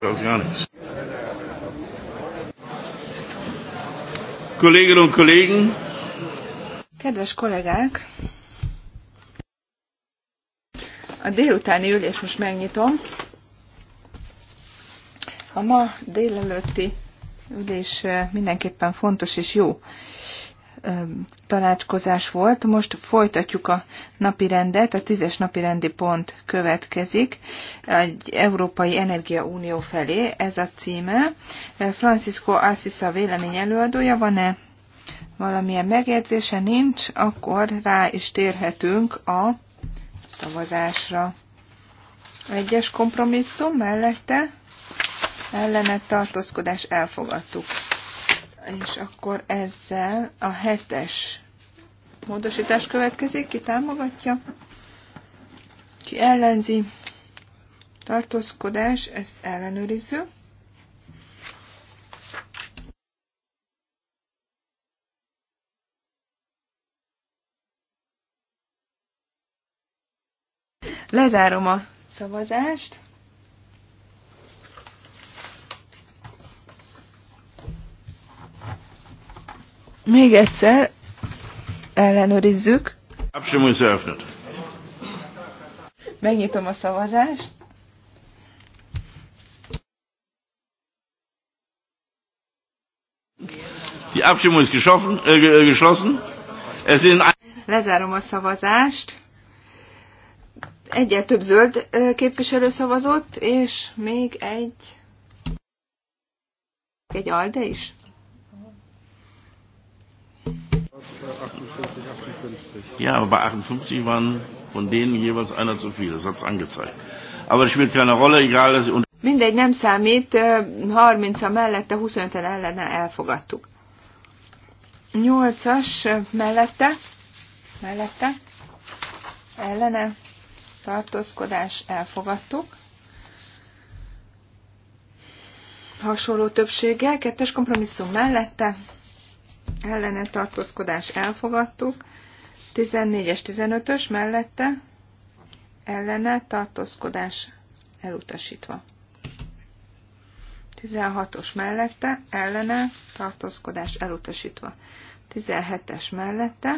Brasilianos. Kolleginnen und Kollegen! Kedves kollégák! A délutáni ülés most megnyitom. A ma délelőtti ülés eh, mindenképpen fontos és jó tanácskozás volt. Most folytatjuk a napi rendet, a tízes napi rendi pont következik, egy Európai Energia Unió felé, ez a címe. Francisco Assis a vélemény előadója, van-e valamilyen megjegyzése? Nincs, akkor rá is térhetünk a szavazásra. Egyes kompromisszum mellette ellenet tartózkodás elfogadtuk. És akkor ezzel a hetes módosítás következik. Ki támogatja? Ki ellenzi? Tartózkodás, ezt ellenőrizzük. Lezárom a szavazást. Még egyszer ellenőrizzük. Megnyitom a szavazást. Die Abstimmung ist geschaffen, äh, äh geschlossen. Es sind Lezárom a szavazást. Egyet több zöld képviselő szavazott, és még egy egy alde is. Äh, ja, aber bei 58 waren von denen jeweils einer zu viel, das hat es angezeigt. Aber das spielt keine Rolle, egal. Dass sie Mindegy, nem számít, 30-a mellette, 25-en ellene elfogadtuk. 8-as mellette, mellette, ellene, tartózkodás, elfogadtuk. Hasonló többséggel, kettes kompromisszum mellette, ellene tartózkodás elfogadtuk, 14-es, 15-ös mellette ellene tartózkodás elutasítva. 16-os mellette ellene tartózkodás elutasítva. 17-es mellette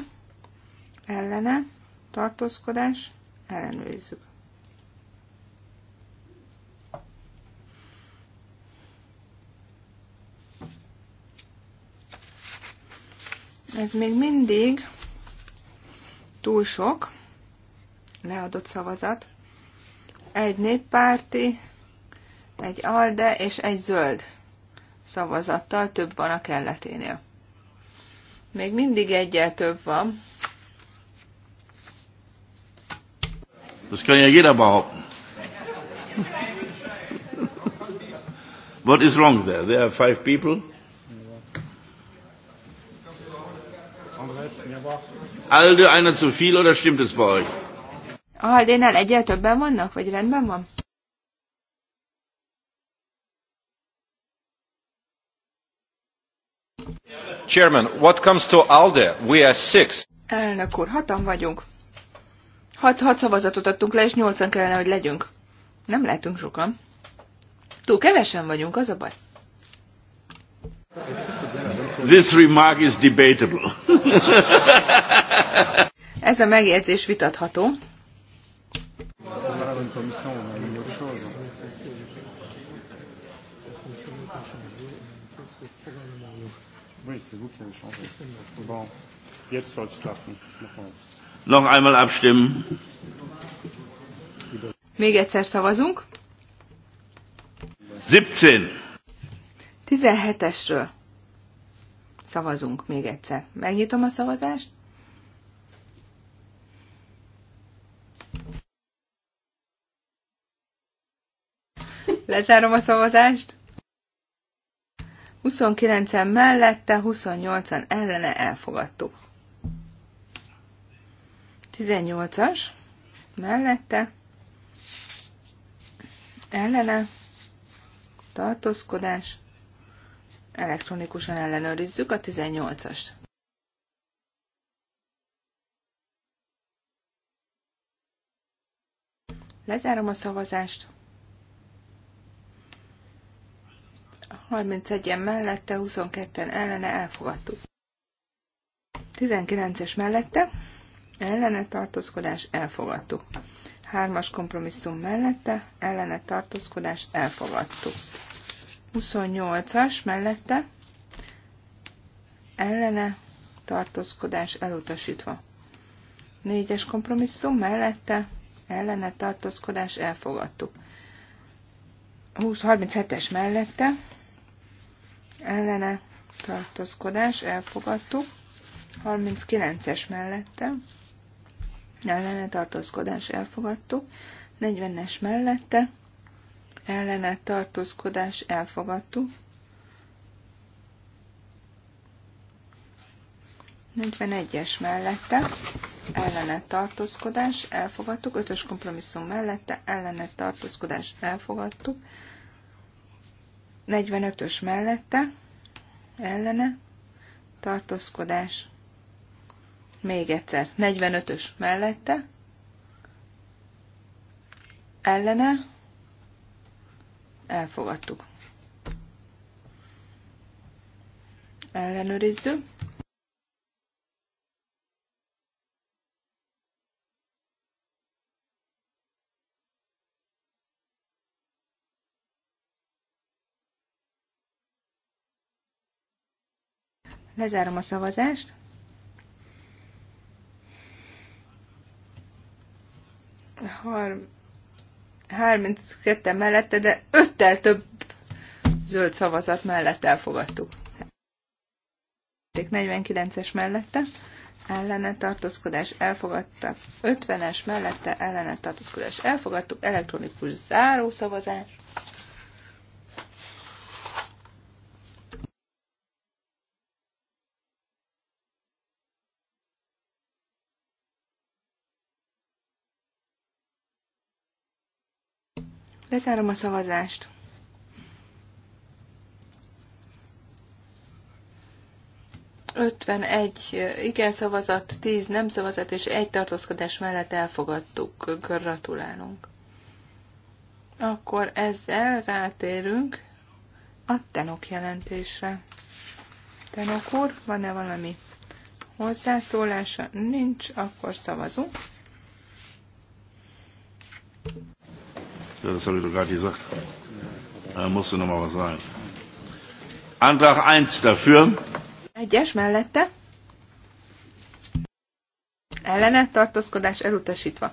ellene tartózkodás ellenőrizzük. Ez még mindig túl sok leadott szavazat. Egy néppárti, egy alde és egy zöld szavazattal több van a kelleténél. Még mindig egyel több van. Das kann ja jeder behaupten. What is wrong there? There are five people. Alde einer zu viel, oder stimmt es bei euch? Aldénál egyel többen vannak, vagy rendben van? Chairman, what comes to ALDE? We are six. Elnök úr, hatan vagyunk. Hat, hat szavazatot adtunk le, és nyolcan kellene, hogy legyünk. Nem lehetünk sokan. Túl kevesen vagyunk, az a baj. This remark is debatable. Ez a megjegyzés vitatható. Noch einmal abstimmen. Még egyszer szavazunk. 17. 17-esről szavazunk még egyszer. Megnyitom a szavazást. Lezárom a szavazást. 29-en mellette, 28-an ellene elfogadtuk. 18-as mellette, ellene, tartózkodás, Elektronikusan ellenőrizzük a 18-ast. Lezárom a szavazást. 31-en mellette, 22-en ellene elfogadtuk. 19-es mellette, ellene tartózkodás elfogadtuk. 3-as kompromisszum mellette, ellene tartózkodás elfogadtuk. 28-as mellette ellene tartózkodás elutasítva. 4-es kompromisszum mellette ellene tartózkodás elfogadtuk. 20-37-es mellette ellene tartózkodás elfogadtuk. 39-es mellette ellene tartózkodás elfogadtuk. 40-es mellette ellene tartózkodás elfogadtuk. 41-es mellette ellene tartózkodás elfogadtuk, 5-ös kompromisszum mellette ellene tartózkodás elfogadtuk, 45-ös mellette ellene tartózkodás még egyszer, 45-ös mellette ellene Elfogadtuk. Ellenőrizzük. Lezárom a szavazást. Harm. 32 mellette, de 5-tel több zöld szavazat mellett elfogadtuk. 49-es mellette ellene tartózkodás elfogadtak. 50-es mellette ellene tartózkodás elfogadtuk, elektronikus záró szavazás. Lezárom a szavazást. Ötvenegy eh, igen szavazat, tíz nem szavazat és egy tartózkodás mellett elfogadtuk. Gratulálunk. Akkor ezzel rátérünk a tenok jelentésre. Tenok úr, van-e valami hozzászólása? Nincs, akkor szavazunk. Ja, das habe ich doch gerade gesagt. Da musst du nochmal was sagen. Antrag 1 dafür. Egyes mellette. Ellene tartózkodás elutasítva.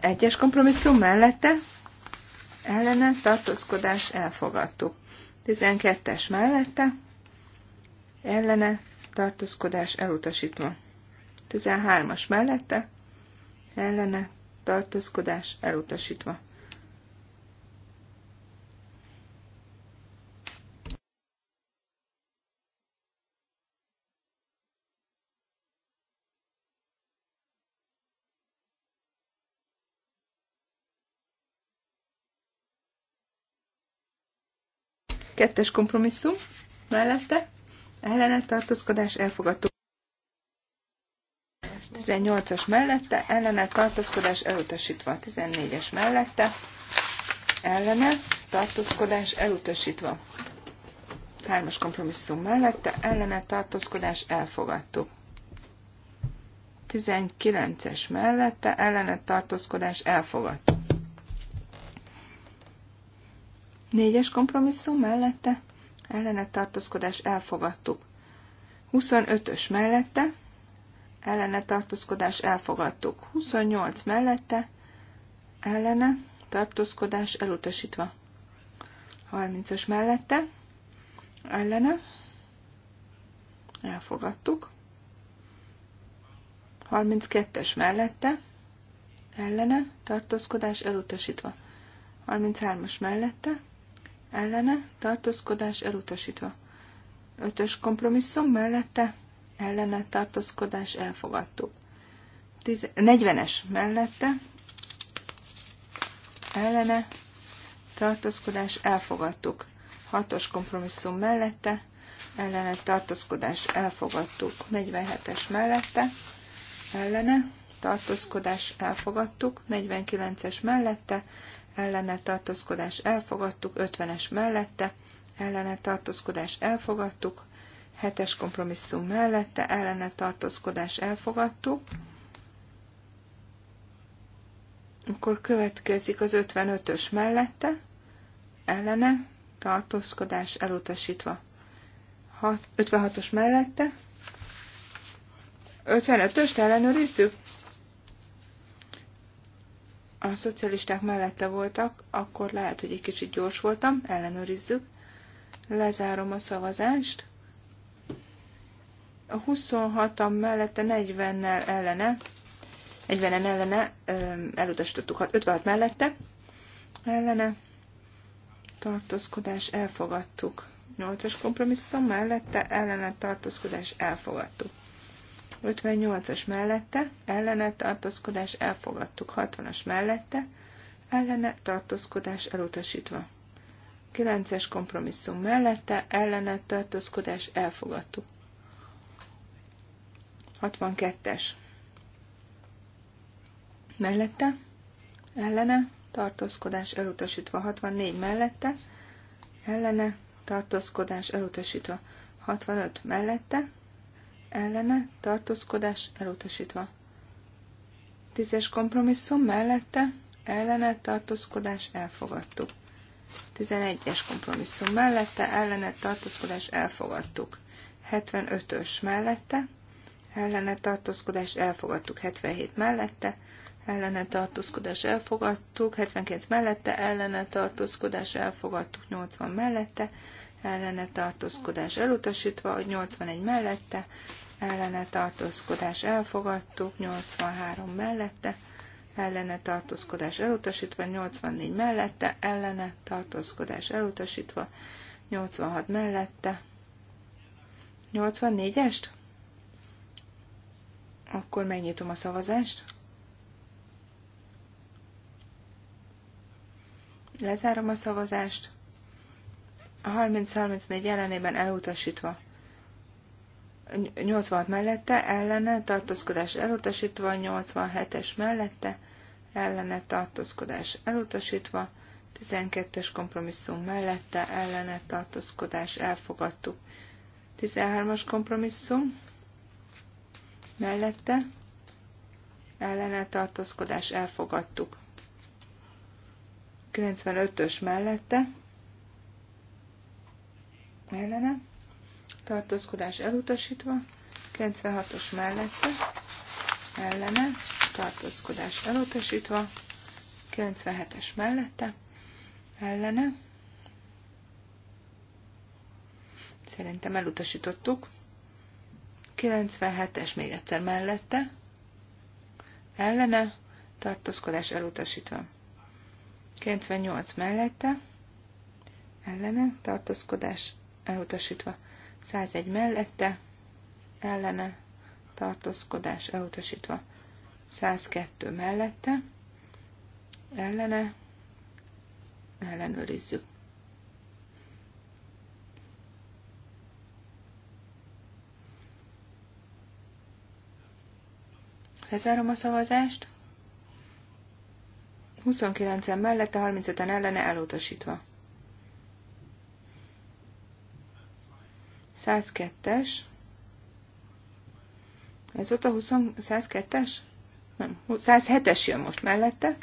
Egyes kompromisszum mellette. Ellene tartózkodás elfogadtuk. 12-es mellette. Ellene tartózkodás elutasítva. 13-as mellette. Ellene tartózkodás elutasítva. Kettes kompromisszum mellette ellene tartózkodás elfogadó. 18-as mellette, ellene tartózkodás elutasítva. 14-es mellette, ellene tartózkodás elutasítva. 3-as kompromisszum mellette, ellene tartózkodás elfogadtuk. 19-es mellette, ellene tartózkodás elfogadtuk. 4-es kompromisszum mellette, ellene tartózkodás elfogadtuk. 25-ös mellette, ellene tartózkodás elfogadtuk. 28 mellette ellene tartózkodás elutasítva. 30-as mellette ellene elfogadtuk. 32-es mellette ellene tartózkodás elutasítva. 33-as mellette ellene tartózkodás elutasítva. 5-ös kompromisszum mellette ellene tartózkodás elfogadtuk. 40-es mellette ellene tartózkodás elfogadtuk. 6-os kompromisszum mellette ellene tartózkodás elfogadtuk. 47-es mellette ellene tartózkodás elfogadtuk. 49-es mellette ellene tartózkodás elfogadtuk. 50-es mellette ellene tartózkodás elfogadtuk hetes kompromisszum mellette ellene tartózkodás elfogadtuk. Akkor következik az 55-ös mellette ellene tartózkodás elutasítva. 56-os mellette 55-öst ellenőrizzük. A szocialisták mellette voltak, akkor lehet, hogy egy kicsit gyors voltam, ellenőrizzük. Lezárom a szavazást a 26-an mellette 40-nel ellene, 40-en ellene elutasítottuk, 56 mellette ellene tartózkodás elfogadtuk. 8-as kompromisszum mellette ellene tartózkodás elfogadtuk. 58-as mellette ellene tartózkodás elfogadtuk. 60-as mellette ellene tartózkodás elutasítva. 9-es kompromisszum mellette ellene tartózkodás elfogadtuk. 62-es. Mellette, ellene, tartózkodás elutasítva. 64 mellette, ellene, tartózkodás elutasítva. 65 mellette, ellene, tartózkodás elutasítva. tízes kompromisszum mellette, ellene, tartózkodás elfogadtuk. 11-es kompromisszum mellette, ellene, tartózkodás elfogadtuk. 75-ös mellette, ellene tartózkodás elfogadtuk 77 mellette, ellene tartózkodás elfogadtuk, 79 mellette ellene tartózkodás elfogadtuk, 80 mellette ellene tartózkodás elutasítva, hogy 81 mellette ellene tartózkodás elfogadtuk, 83 mellette ellene tartózkodás elutasítva, 84 mellette ellene tartózkodás elutasítva, 86 mellette, 84-est? Akkor megnyitom a szavazást. Lezárom a szavazást. A 30-34 ellenében elutasítva. 86 mellette, ellene, tartózkodás elutasítva, 87-es mellette, ellene, tartózkodás elutasítva, 12-es kompromisszum mellette, ellene, tartózkodás elfogadtuk. 13-as kompromisszum mellette ellene tartózkodás elfogadtuk. 95-ös mellette ellene tartózkodás elutasítva, 96-os mellette ellene tartózkodás elutasítva, 97-es mellette ellene. Szerintem elutasítottuk. 97-es még egyszer mellette, ellene, tartózkodás elutasítva. 98 mellette, ellene, tartózkodás elutasítva. 101 mellette, ellene, tartózkodás elutasítva. 102 mellette, ellene, ellenőrizzük. Lezárom a szavazást. 29-en mellette, 35-en ellene elutasítva. 102-es. Ez ott a 102-es? Nem, 107-es jön most mellette.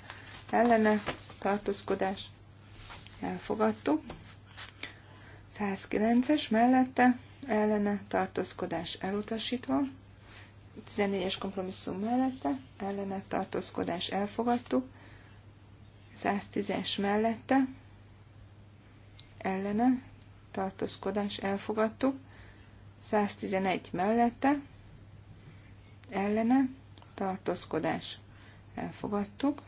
Ellene, tartózkodás. Elfogadtuk. 109-es mellette, ellene, tartózkodás elutasítva. 14-es kompromisszum mellette, ellene tartózkodás elfogadtuk, 110-es mellette, ellene tartózkodás elfogadtuk, 111 mellette, ellene tartózkodás elfogadtuk,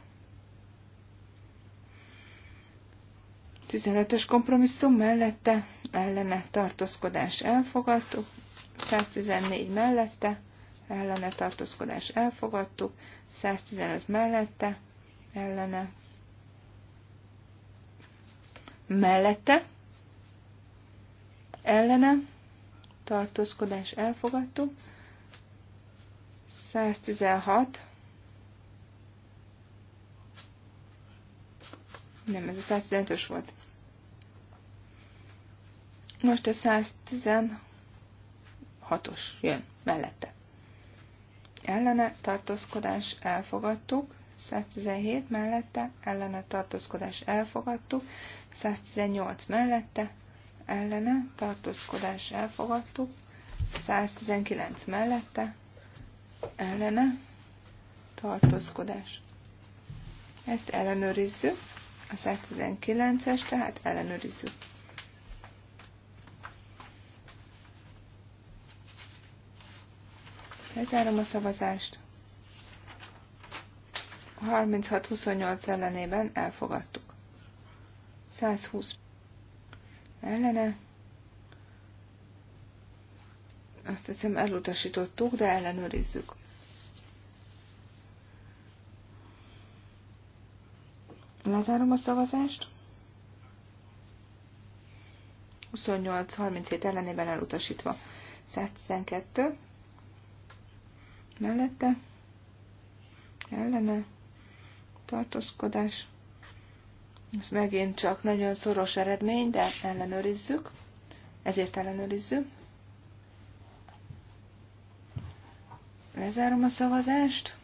15-ös kompromisszum mellette, ellene tartózkodás elfogadtuk, 114 mellette, ellene tartózkodás elfogadtuk, 115 mellette, ellene, mellette, ellene, tartózkodás elfogadtuk, 116, nem, ez a 115-ös volt. Most a 116-os jön mellette ellene tartózkodás elfogadtuk, 117 mellette, ellene tartózkodás elfogadtuk, 118 mellette, ellene tartózkodás elfogadtuk, 119 mellette, ellene tartózkodás. Ezt ellenőrizzük, a 119-es, tehát ellenőrizzük. Lezárom a szavazást. 36-28 ellenében elfogadtuk. 120 ellene. Azt hiszem elutasítottuk, de ellenőrizzük. Lezárom a szavazást. 28-37 ellenében elutasítva. 112 mellette, ellene, tartózkodás. Ez megint csak nagyon szoros eredmény, de ellenőrizzük, ezért ellenőrizzük. Lezárom a szavazást.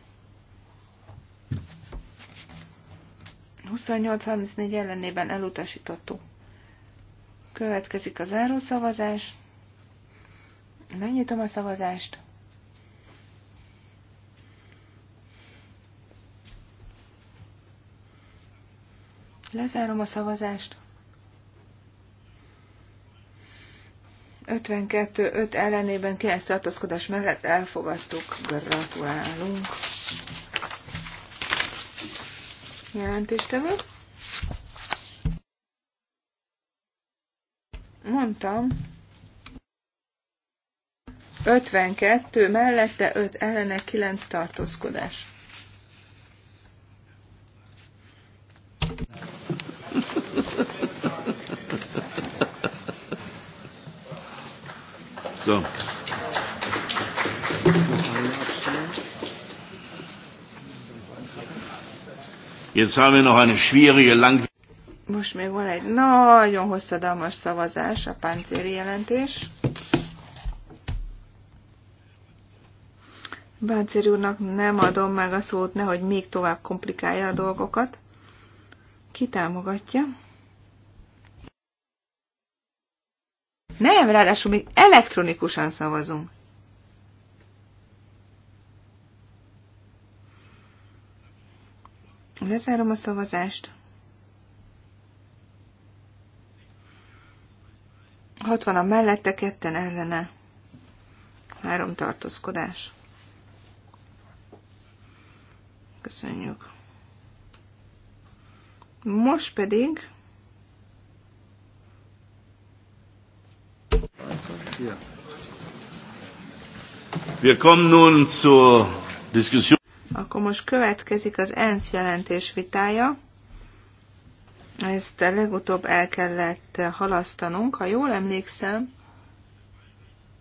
28-34 ellenében elutasítottuk. Következik a zárószavazás. Megnyitom a szavazást. Lezárom a szavazást. 52-5 ellenében 9 tartózkodás mellett elfogadtuk. Gratulálunk. Jelentéstevő. Mondtam. 52 mellette 5 ellene 9 tartózkodás. Jetzt haben wir noch eine schwierige, lang... Most még van egy nagyon hosszadalmas szavazás, a páncéri jelentés. Báncér úrnak nem adom meg a szót, nehogy még tovább komplikálja a dolgokat. Ki támogatja? Nem, ráadásul még elektronikusan szavazunk. Lezárom a szavazást. 60 a mellette, ketten ellene. Három tartózkodás. Köszönjük. Most pedig... Wir kommen nun zur Diskussion. Akkor most következik az ENSZ jelentés vitája. Ezt legutóbb el kellett halasztanunk. Ha jól emlékszem,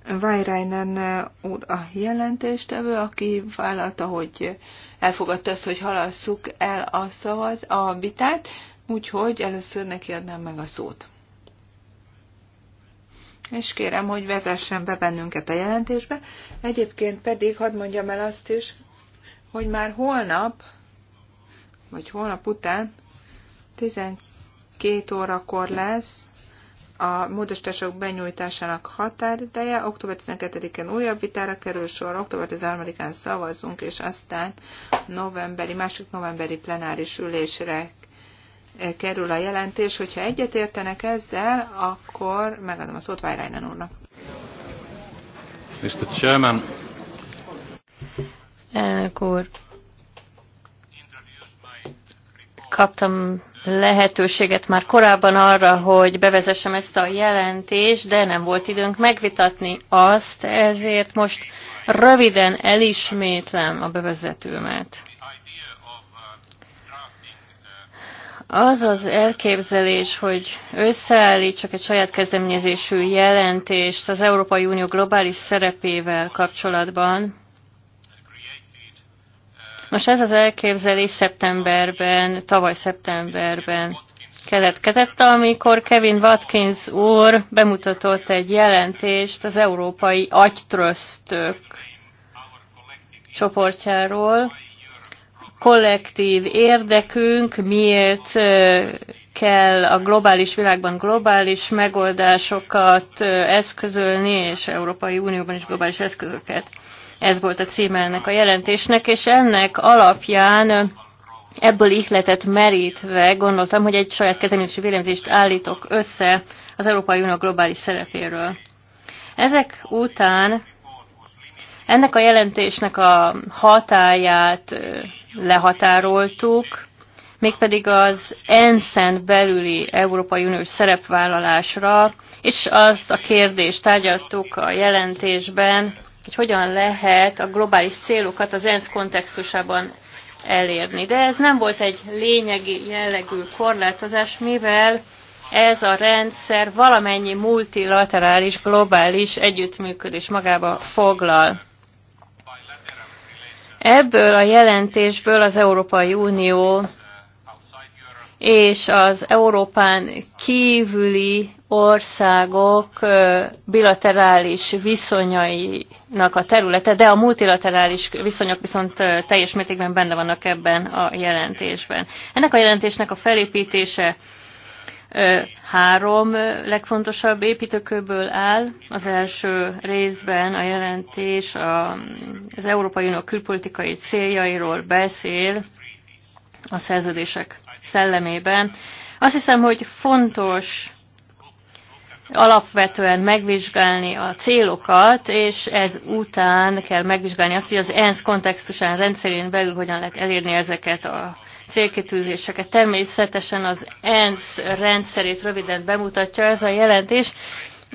Vajrájnen úr a jelentéstevő, aki vállalta, hogy elfogadta azt, hogy halasszuk el a, szavaz, a vitát, úgyhogy először neki adnám meg a szót. És kérem, hogy vezessen be bennünket a jelentésbe. Egyébként pedig hadd mondjam el azt is, hogy már holnap, vagy holnap után 12 órakor lesz a módosítások benyújtásának határideje, október 12-én újabb vitára kerül sor, október 13-án szavazunk, és aztán novemberi, másik novemberi plenáris ülésre kerül a jelentés. Hogyha egyetértenek ezzel, akkor megadom a szót Vájrájnen úrnak. Mr. Chairman, Elnök úr, kaptam lehetőséget már korábban arra, hogy bevezessem ezt a jelentést, de nem volt időnk megvitatni azt, ezért most röviden elismétlem a bevezetőmet. Az az elképzelés, hogy összeállítsak egy saját kezdeményezésű jelentést az Európai Unió globális szerepével kapcsolatban, Nos, ez az elképzelés szeptemberben, tavaly szeptemberben keletkezett, amikor Kevin Watkins úr bemutatott egy jelentést az európai agytröztök csoportjáról. Kollektív érdekünk, miért kell a globális világban globális megoldásokat eszközölni, és Európai Unióban is globális eszközöket ez volt a címe ennek a jelentésnek, és ennek alapján ebből ihletet merítve gondoltam, hogy egy saját kezdeményezési véleményzést állítok össze az Európai Unió globális szerepéről. Ezek után ennek a jelentésnek a hatáját lehatároltuk, mégpedig az ENSZ-en belüli Európai Uniós szerepvállalásra, és azt a kérdést tárgyaltuk a jelentésben, hogy hogyan lehet a globális célokat az ENSZ kontextusában elérni. De ez nem volt egy lényegi jellegű korlátozás, mivel ez a rendszer valamennyi multilaterális, globális együttműködés magába foglal. Ebből a jelentésből az Európai Unió és az Európán kívüli országok bilaterális viszonyainak a területe, de a multilaterális viszonyok viszont teljes mértékben benne vannak ebben a jelentésben. Ennek a jelentésnek a felépítése három legfontosabb építőkőből áll. Az első részben a jelentés az Európai Unió külpolitikai céljairól beszél, a szerződések szellemében. Azt hiszem, hogy fontos alapvetően megvizsgálni a célokat, és ez után kell megvizsgálni azt, hogy az ENSZ kontextusán rendszerén belül hogyan lehet elérni ezeket a célkitűzéseket. Természetesen az ENSZ rendszerét röviden bemutatja ez a jelentés,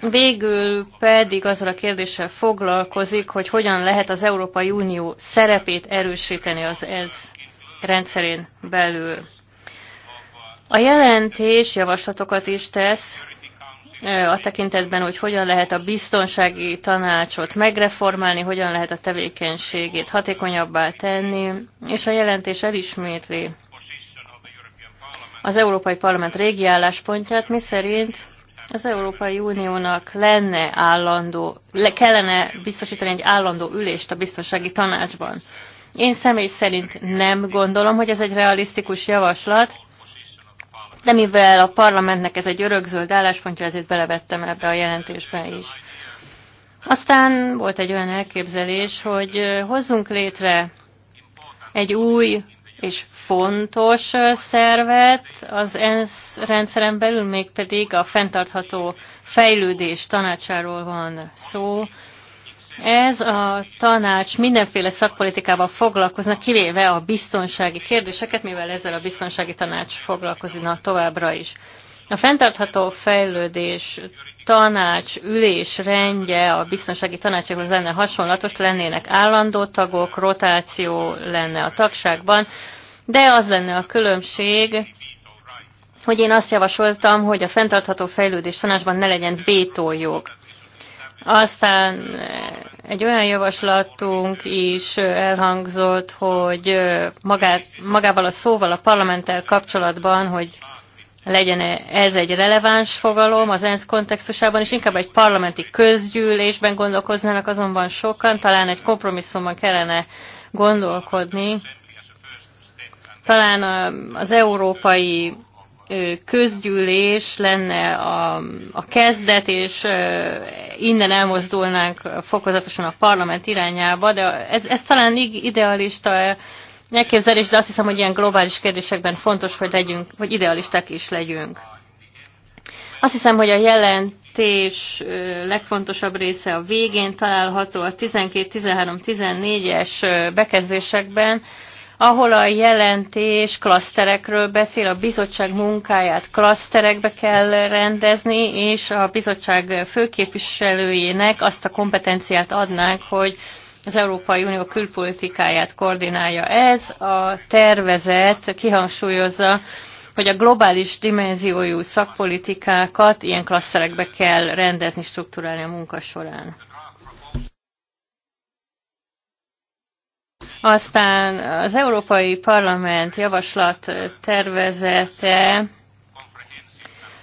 Végül pedig azzal a kérdéssel foglalkozik, hogy hogyan lehet az Európai Unió szerepét erősíteni az ENSZ rendszerén belül. A jelentés javaslatokat is tesz a tekintetben, hogy hogyan lehet a biztonsági tanácsot megreformálni, hogyan lehet a tevékenységét hatékonyabbá tenni, és a jelentés elismétli az Európai Parlament régi álláspontját, miszerint az Európai Uniónak lenne állandó, le kellene biztosítani egy állandó ülést a biztonsági tanácsban. Én személy szerint nem gondolom, hogy ez egy realisztikus javaslat, de mivel a parlamentnek ez egy örökzöld álláspontja, ezért belevettem ebbe a jelentésbe is. Aztán volt egy olyan elképzelés, hogy hozzunk létre egy új és fontos szervet az ENSZ rendszeren belül, mégpedig a fenntartható fejlődés tanácsáról van szó, ez a tanács mindenféle szakpolitikával foglalkoznak, kivéve a biztonsági kérdéseket, mivel ezzel a biztonsági tanács foglalkozna továbbra is. A fenntartható fejlődés tanács ülés rendje a biztonsági tanácsokhoz lenne hasonlatos, lennének állandó tagok, rotáció lenne a tagságban, de az lenne a különbség, hogy én azt javasoltam, hogy a fenntartható fejlődés tanácsban ne legyen vétójog. Aztán egy olyan javaslatunk is elhangzott, hogy magát, magával a szóval a parlamenttel kapcsolatban, hogy legyen -e ez egy releváns fogalom az ENSZ kontextusában, és inkább egy parlamenti közgyűlésben gondolkoznának azonban sokan, talán egy kompromisszumban kellene gondolkodni. Talán az európai közgyűlés lenne a, a kezdet, és innen elmozdulnánk fokozatosan a parlament irányába, de ez, ez talán idealista elképzelés, de azt hiszem, hogy ilyen globális kérdésekben fontos, hogy legyünk, hogy idealisták is legyünk. Azt hiszem, hogy a jelentés legfontosabb része a végén található a 12, 13, 14-es bekezdésekben, ahol a jelentés klaszterekről beszél, a bizottság munkáját klaszterekbe kell rendezni, és a bizottság főképviselőjének azt a kompetenciát adnánk, hogy az Európai Unió külpolitikáját koordinálja. Ez a tervezet kihangsúlyozza, hogy a globális dimenziójú szakpolitikákat ilyen klaszterekbe kell rendezni, strukturálni a munka során. Aztán az Európai Parlament javaslat tervezete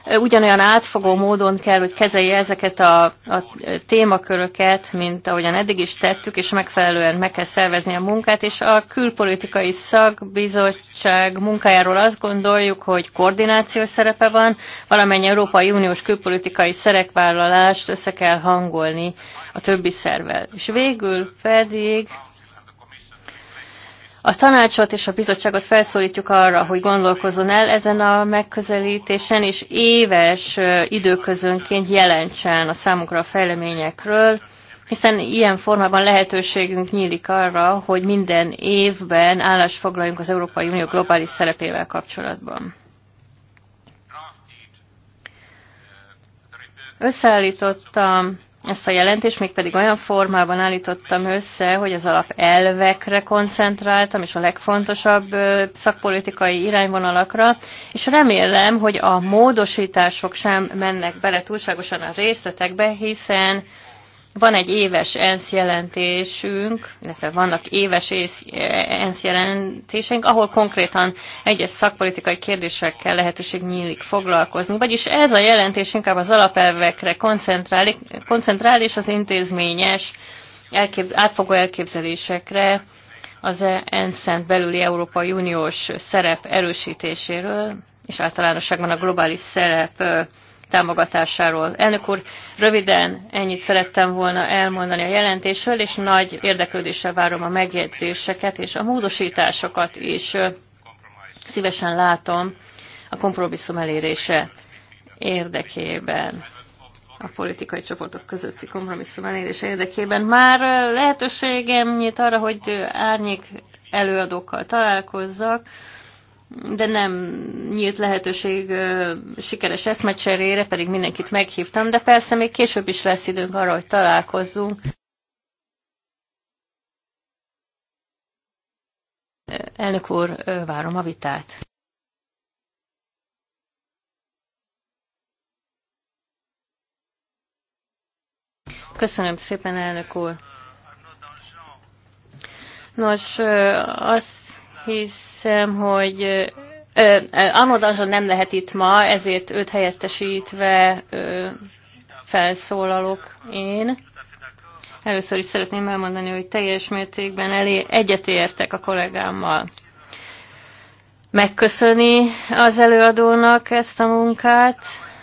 ugyanolyan átfogó módon kell, hogy kezelje ezeket a, a témaköröket, mint ahogyan eddig is tettük, és megfelelően meg kell szervezni a munkát, és a külpolitikai szakbizottság munkájáról azt gondoljuk, hogy koordinációs szerepe van, valamennyi Európai Uniós külpolitikai szerekvállalást össze kell hangolni a többi szervel. És végül pedig a tanácsot és a bizottságot felszólítjuk arra, hogy gondolkozzon el ezen a megközelítésen, és éves időközönként jelentsen a számukra a fejleményekről, hiszen ilyen formában lehetőségünk nyílik arra, hogy minden évben állást foglaljunk az Európai Unió globális szerepével kapcsolatban. Összeállítottam ezt a jelentést mégpedig olyan formában állítottam össze, hogy az alap elvekre koncentráltam, és a legfontosabb szakpolitikai irányvonalakra, és remélem, hogy a módosítások sem mennek bele túlságosan a részletekbe, hiszen van egy éves ENSZ jelentésünk, illetve vannak éves ENSZ jelentésünk, ahol konkrétan egyes szakpolitikai kérdésekkel lehetőség nyílik foglalkozni. Vagyis ez a jelentés inkább az alapelvekre koncentrál, koncentrál és az intézményes elképz, átfogó elképzelésekre az ENSZ-en belüli Európai Uniós szerep erősítéséről, és általánosságban a globális szerep támogatásáról. Elnök úr, röviden ennyit szerettem volna elmondani a jelentésről, és nagy érdeklődéssel várom a megjegyzéseket és a módosításokat is. Szívesen látom a kompromisszum elérése érdekében a politikai csoportok közötti kompromisszum elérése érdekében. Már lehetőségem nyit arra, hogy árnyék előadókkal találkozzak, de nem nyílt lehetőség sikeres eszmecserére, pedig mindenkit meghívtam, de persze még később is lesz időnk arra, hogy találkozzunk. Elnök úr, várom a vitát. Köszönöm szépen, elnök úr. Nos, azt hiszem, hogy Amodazson nem lehet itt ma, ezért őt helyettesítve ö, felszólalok én. Először is szeretném elmondani, hogy teljes mértékben elé egyetértek a kollégámmal. Megköszöni az előadónak ezt a munkát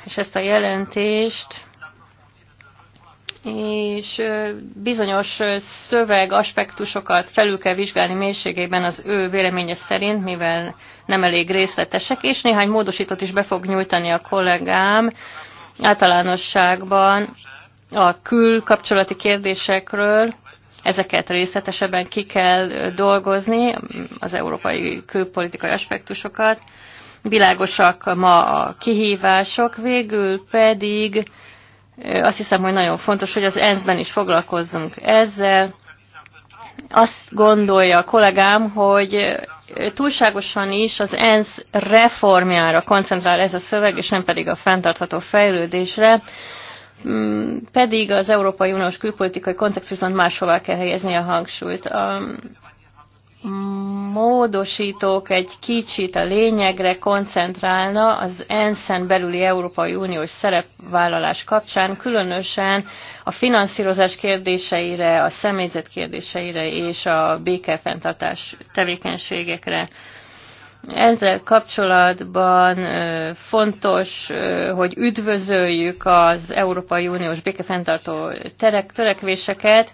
és ezt a jelentést és bizonyos szöveg aspektusokat felül kell vizsgálni mélységében az ő véleménye szerint, mivel nem elég részletesek, és néhány módosítót is be fog nyújtani a kollégám általánosságban a külkapcsolati kérdésekről, ezeket részletesebben ki kell dolgozni, az európai külpolitikai aspektusokat. Világosak ma a kihívások, végül pedig azt hiszem, hogy nagyon fontos, hogy az ENSZ-ben is foglalkozzunk ezzel. Azt gondolja a kollégám, hogy túlságosan is az ENSZ reformjára koncentrál ez a szöveg, és nem pedig a fenntartható fejlődésre mm, pedig az Európai Uniós külpolitikai kontextusban máshová kell helyezni a hangsúlyt módosítók egy kicsit a lényegre koncentrálna az ENSZ-en belüli Európai Uniós szerepvállalás kapcsán, különösen a finanszírozás kérdéseire, a személyzet kérdéseire és a békefenntartás tevékenységekre. Ezzel kapcsolatban fontos, hogy üdvözöljük az Európai Uniós békefenntartó törekvéseket,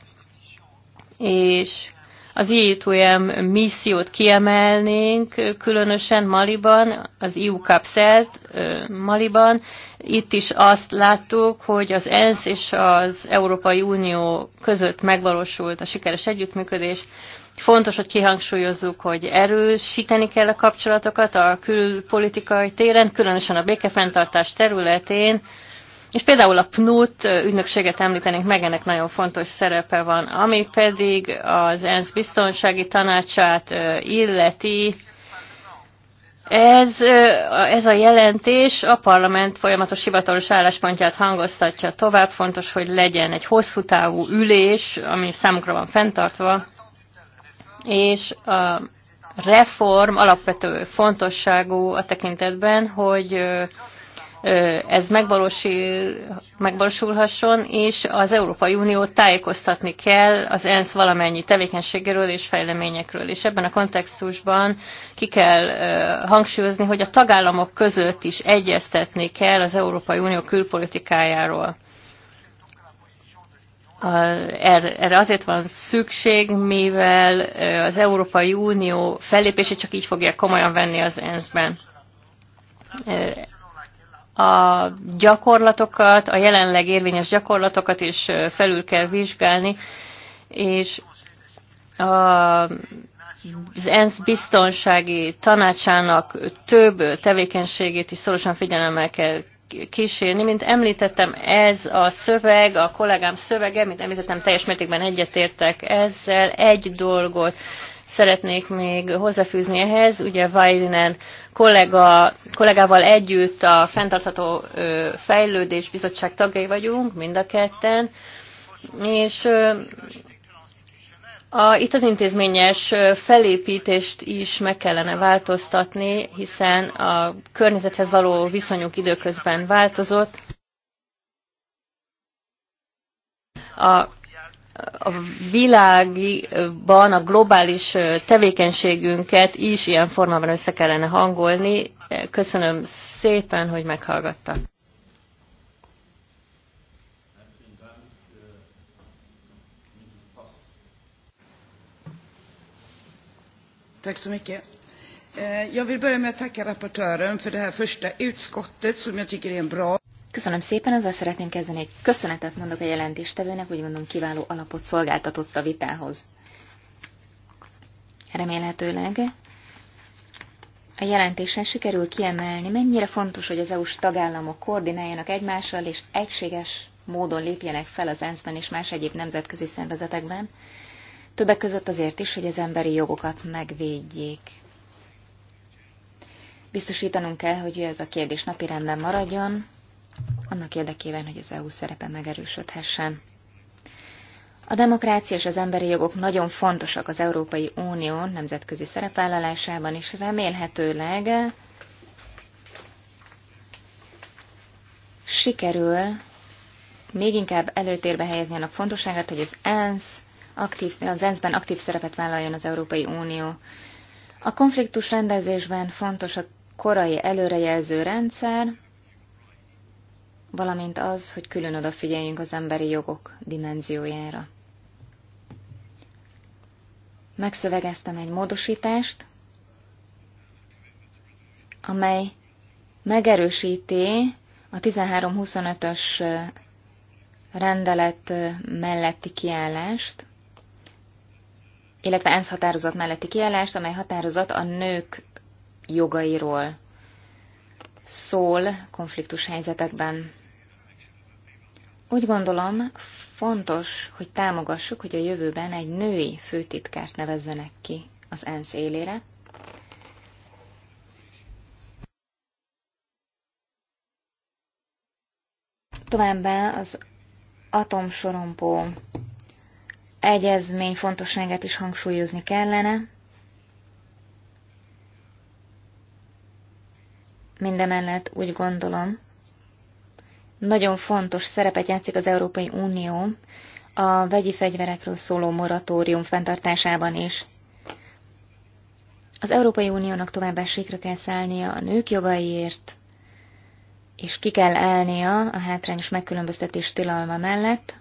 és az IETUM missziót kiemelnénk, különösen Maliban, az EU Capselt Maliban. Itt is azt láttuk, hogy az ENSZ és az Európai Unió között megvalósult a sikeres együttműködés. Fontos, hogy kihangsúlyozzuk, hogy erősíteni kell a kapcsolatokat a külpolitikai téren, különösen a békefenntartás területén, és például a PNUT ügynökséget említenénk meg, ennek nagyon fontos szerepe van, ami pedig az ENSZ biztonsági tanácsát illeti, ez, ez a jelentés a parlament folyamatos hivatalos álláspontját hangoztatja tovább. Fontos, hogy legyen egy hosszú távú ülés, ami számukra van fenntartva, és a reform alapvető fontosságú a tekintetben, hogy ez megvalósul, megvalósulhasson, és az Európai Unió tájékoztatni kell az ENSZ valamennyi tevékenységéről és fejleményekről. És ebben a kontextusban ki kell hangsúlyozni, hogy a tagállamok között is egyeztetni kell az Európai Unió külpolitikájáról. Er, erre azért van szükség, mivel az Európai Unió fellépését csak így fogják komolyan venni az ENSZ-ben a gyakorlatokat, a jelenleg érvényes gyakorlatokat is felül kell vizsgálni, és a, az ENSZ biztonsági tanácsának több tevékenységét is szorosan figyelemmel kell kísérni. Mint említettem, ez a szöveg, a kollégám szövege, mint említettem, teljes mértékben egyetértek ezzel. Egy dolgot szeretnék még hozzáfűzni ehhez. Ugye Vajlinen kollega, kollégával együtt a Fentartható Fejlődés Bizottság tagjai vagyunk, mind a ketten, és a, itt az intézményes felépítést is meg kellene változtatni, hiszen a környezethez való viszonyuk időközben változott. A a világban a globális tevékenységünket is ilyen formában össze kellene hangolni. Köszönöm szépen, hogy meghallgattak. Tack så mycket. Eh, jag vill börja med att tacka rapportören för det här första utskottet som jag tycker är en bra Köszönöm szépen, ezzel szeretném kezdeni, egy köszönetet mondok a jelentéstevőnek, úgy gondolom kiváló alapot szolgáltatott a vitához. Remélhetőleg a jelentésen sikerül kiemelni, mennyire fontos, hogy az EU-s tagállamok koordináljanak egymással, és egységes módon lépjenek fel az ENSZ-ben és más egyéb nemzetközi szervezetekben, többek között azért is, hogy az emberi jogokat megvédjék. Biztosítanunk kell, hogy ez a kérdés napirenden maradjon, annak érdekében, hogy az EU szerepe megerősödhessen. A demokrácia és az emberi jogok nagyon fontosak az Európai Unió nemzetközi szerepvállalásában, és remélhetőleg sikerül még inkább előtérbe helyezni annak fontosságát, hogy az ENSZ aktív, az ENSZ-ben aktív szerepet vállaljon az Európai Unió. A konfliktus rendezésben fontos a korai előrejelző rendszer, valamint az, hogy külön odafigyeljünk az emberi jogok dimenziójára. Megszövegeztem egy módosítást, amely megerősíti a 1325-ös rendelet melletti kiállást, illetve ENSZ határozat melletti kiállást, amely határozat a nők jogairól szól konfliktus helyzetekben. Úgy gondolom, fontos, hogy támogassuk, hogy a jövőben egy női főtitkárt nevezzenek ki az ENSZ élére. Továbbá az atomsorompó egyezmény fontosságát is hangsúlyozni kellene. Mindemellett úgy gondolom, nagyon fontos szerepet játszik az Európai Unió a vegyi fegyverekről szóló moratórium fenntartásában is. Az Európai Uniónak továbbá sikra kell szállnia a nők jogaiért, és ki kell állnia a hátrányos megkülönböztetés tilalma mellett,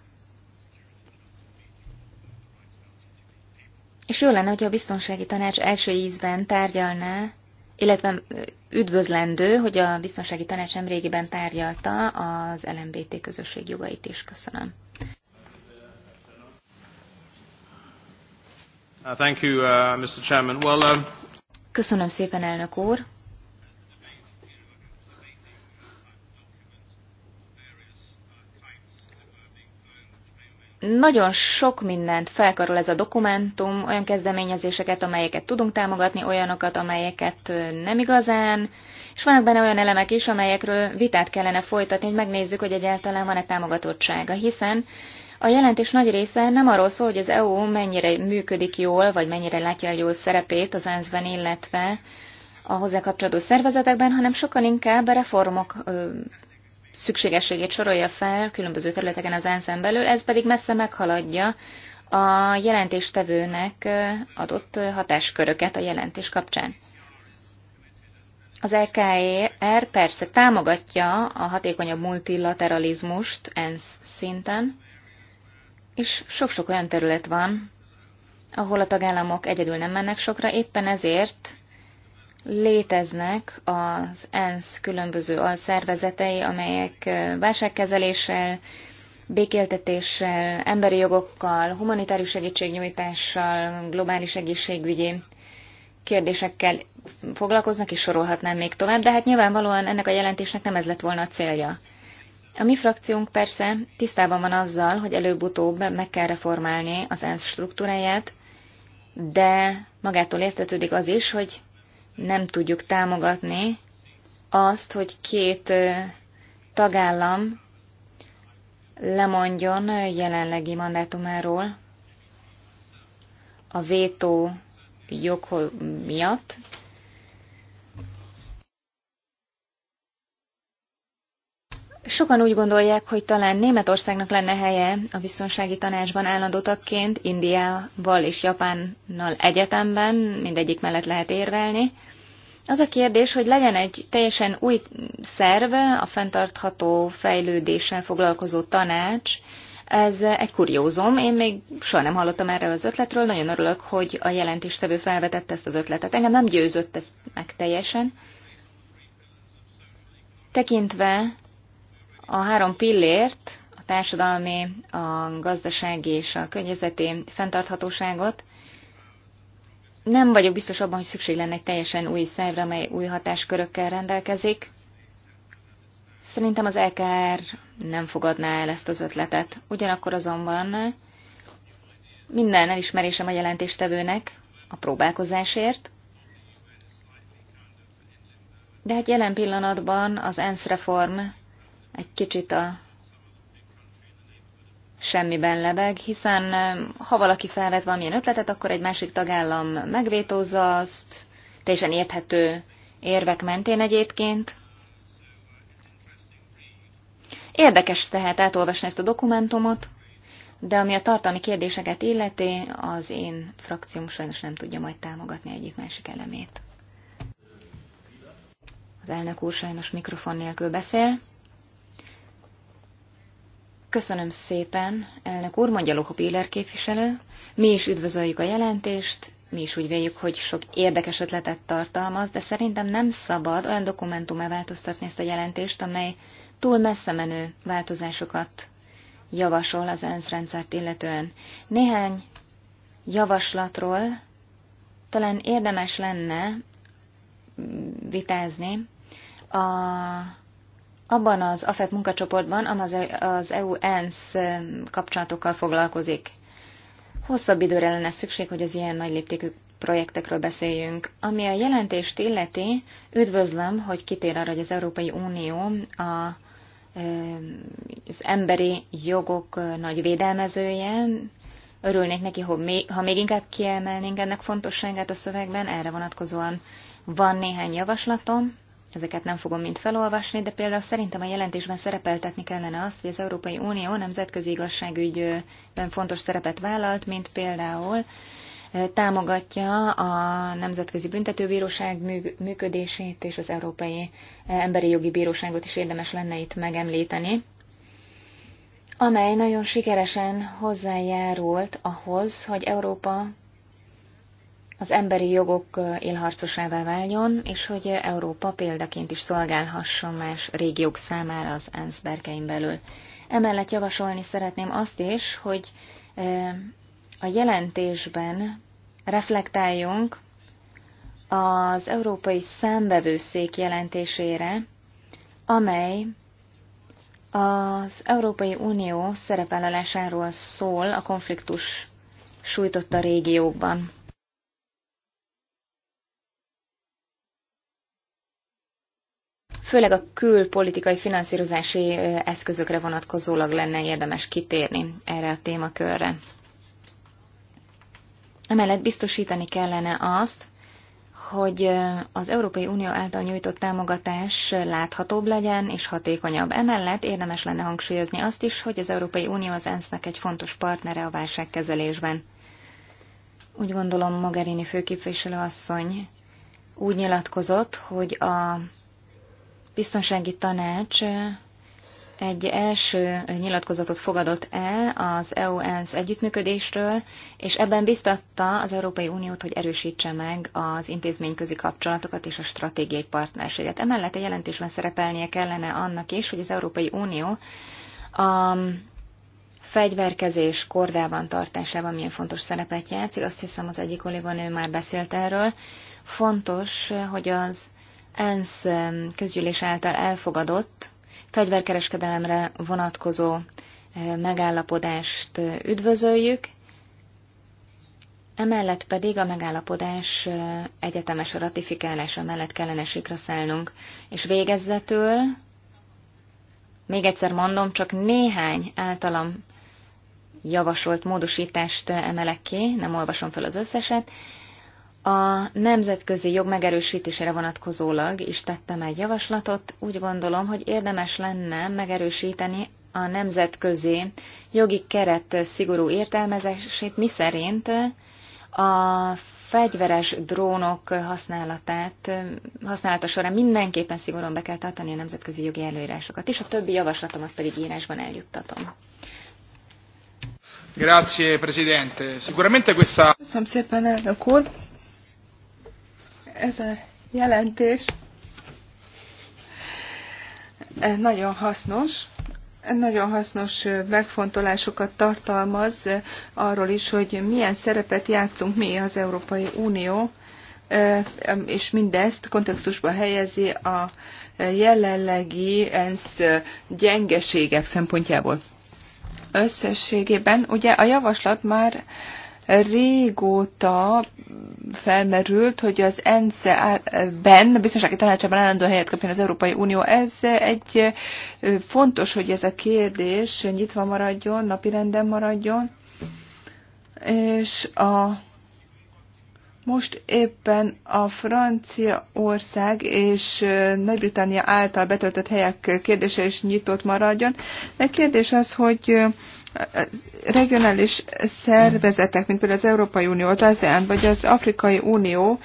és jó lenne, hogyha a biztonsági tanács első ízben tárgyalná illetve üdvözlendő, hogy a Biztonsági Tanács nemrégiben tárgyalta az LMBT közösség jogait is. Köszönöm. Uh, uh, um, Köszönöm szépen, elnök úr. Nagyon sok mindent felkarol ez a dokumentum, olyan kezdeményezéseket, amelyeket tudunk támogatni, olyanokat, amelyeket nem igazán, és vannak benne olyan elemek is, amelyekről vitát kellene folytatni, hogy megnézzük, hogy egyáltalán van-e támogatottsága, hiszen a jelentés nagy része nem arról szól, hogy az EU mennyire működik jól, vagy mennyire látja el jól szerepét az ENSZ-ben, illetve a hozzá kapcsolódó szervezetekben, hanem sokan inkább a reformok szükségességét sorolja fel különböző területeken az ensz belül, ez pedig messze meghaladja a jelentéstevőnek adott hatásköröket a jelentés kapcsán. Az LKR e e persze támogatja a hatékonyabb multilateralizmust ENSZ szinten, és sok-sok olyan terület van, ahol a tagállamok egyedül nem mennek sokra, éppen ezért Léteznek az ENSZ különböző alszervezetei, amelyek válságkezeléssel, békéltetéssel, emberi jogokkal, humanitárius segítségnyújtással, globális egészségügyi kérdésekkel foglalkoznak, és sorolhatnám még tovább, de hát nyilvánvalóan ennek a jelentésnek nem ez lett volna a célja. A mi frakciónk persze tisztában van azzal, hogy előbb-utóbb meg kell reformálni az ENSZ struktúráját, de magától értetődik az is, hogy nem tudjuk támogatni azt, hogy két tagállam lemondjon jelenlegi mandátumáról a vétó jog miatt. Sokan úgy gondolják, hogy talán Németországnak lenne helye a biztonsági tanácsban állandó tagként, Indiával és Japánnal egyetemben, mindegyik mellett lehet érvelni. Az a kérdés, hogy legyen egy teljesen új szerve, a fenntartható fejlődéssel foglalkozó tanács, ez egy kuriózom, én még soha nem hallottam erről az ötletről, nagyon örülök, hogy a jelentéstevő felvetette ezt az ötletet. Engem nem győzött ezt meg teljesen. Tekintve a három pillért, a társadalmi, a gazdasági és a környezeti fenntarthatóságot, nem vagyok biztos abban, hogy szükség lenne egy teljesen új szervre, amely új hatáskörökkel rendelkezik. Szerintem az EKR nem fogadná el ezt az ötletet. Ugyanakkor azonban minden elismerésem a jelentéstevőnek a próbálkozásért, de hát jelen pillanatban az ENSZ reform egy kicsit a semmiben lebeg, hiszen eh, ha valaki felvet valamilyen ötletet, akkor egy másik tagállam megvétózza azt, teljesen érthető érvek mentén egyébként. Érdekes tehát átolvasni ezt a dokumentumot, de ami a tartalmi kérdéseket illeti, az én frakcióm sajnos nem tudja majd támogatni egyik másik elemét. Az elnök úr sajnos mikrofon nélkül beszél. Köszönöm szépen, elnök úr, mondja Lohopiller képviselő. Mi is üdvözöljük a jelentést, mi is úgy véljük, hogy sok érdekes ötletet tartalmaz, de szerintem nem szabad olyan dokumentumá változtatni ezt a jelentést, amely túl messze menő változásokat javasol az ENSZ rendszert illetően. Néhány javaslatról talán érdemes lenne vitázni. A abban az AFET munkacsoportban, amaz az EU-ENSZ kapcsolatokkal foglalkozik. Hosszabb időre lenne szükség, hogy az ilyen nagy léptékű projektekről beszéljünk. Ami a jelentést illeti, üdvözlöm, hogy kitér arra, hogy az Európai Unió a, az emberi jogok nagy védelmezője. Örülnék neki, ha még inkább kiemelnénk ennek fontosságát a szövegben, erre vonatkozóan van néhány javaslatom. Ezeket nem fogom mind felolvasni, de például szerintem a jelentésben szerepeltetni kellene azt, hogy az Európai Unió nemzetközi igazságügyben fontos szerepet vállalt, mint például támogatja a Nemzetközi Büntetőbíróság működését, és az Európai Emberi Jogi Bíróságot is érdemes lenne itt megemlíteni, amely nagyon sikeresen hozzájárult ahhoz, hogy Európa az emberi jogok élharcosává váljon, és hogy Európa példaként is szolgálhasson más régiók számára az ENSZ berkein belül. Emellett javasolni szeretném azt is, hogy a jelentésben reflektáljunk az Európai Számbevőszék jelentésére, amely az Európai Unió szerepellelásáról szól a konfliktus sújtotta régiókban. főleg a külpolitikai finanszírozási eszközökre vonatkozólag lenne érdemes kitérni erre a témakörre. Emellett biztosítani kellene azt, hogy az Európai Unió által nyújtott támogatás láthatóbb legyen és hatékonyabb. Emellett érdemes lenne hangsúlyozni azt is, hogy az Európai Unió az ENSZ-nek egy fontos partnere a válságkezelésben. Úgy gondolom, Mogherini főképviselő asszony úgy nyilatkozott, hogy a biztonsági tanács egy első nyilatkozatot fogadott el az EU-ENSZ együttműködésről, és ebben biztatta az Európai Uniót, hogy erősítse meg az intézményközi kapcsolatokat és a stratégiai partnerséget. Emellett a jelentésben szerepelnie kellene annak is, hogy az Európai Unió a fegyverkezés kordában tartásában milyen fontos szerepet játszik. Azt hiszem, az egyik kolléganő már beszélt erről. Fontos, hogy az ENSZ közgyűlés által elfogadott fegyverkereskedelemre vonatkozó megállapodást üdvözöljük, emellett pedig a megállapodás egyetemes ratifikálása mellett kellene sikra szállnunk. És végezzetől, még egyszer mondom, csak néhány általam javasolt módosítást emelek ki, nem olvasom fel az összeset, a nemzetközi jog megerősítésére vonatkozólag is tettem egy javaslatot. Úgy gondolom, hogy érdemes lenne megerősíteni a nemzetközi jogi keret szigorú értelmezését, miszerint a fegyveres drónok használatát, használata során mindenképpen szigorúan be kell tartani a nemzetközi jogi előírásokat, és a többi javaslatomat pedig írásban eljuttatom. Grazie, Presidente. Sicuramente questa... Köszönöm szépen, elnök úr. Ez a jelentés nagyon hasznos, nagyon hasznos megfontolásokat tartalmaz arról is, hogy milyen szerepet játszunk mi az Európai Unió, és mindezt kontextusba helyezi a jelenlegi ENSZ gyengeségek szempontjából. Összességében ugye a javaslat már régóta felmerült, hogy az ENSZ-ben, a biztonsági tanácsában állandó helyet kapjon az Európai Unió. Ez egy fontos, hogy ez a kérdés nyitva maradjon, napirenden maradjon, és a most éppen a Franciaország és Nagy-Britannia által betöltött helyek kérdése is nyitott maradjon. De kérdés az, hogy regionális szervezetek, mint például az Európai Unió, az ASEAN vagy az Afrikai Unió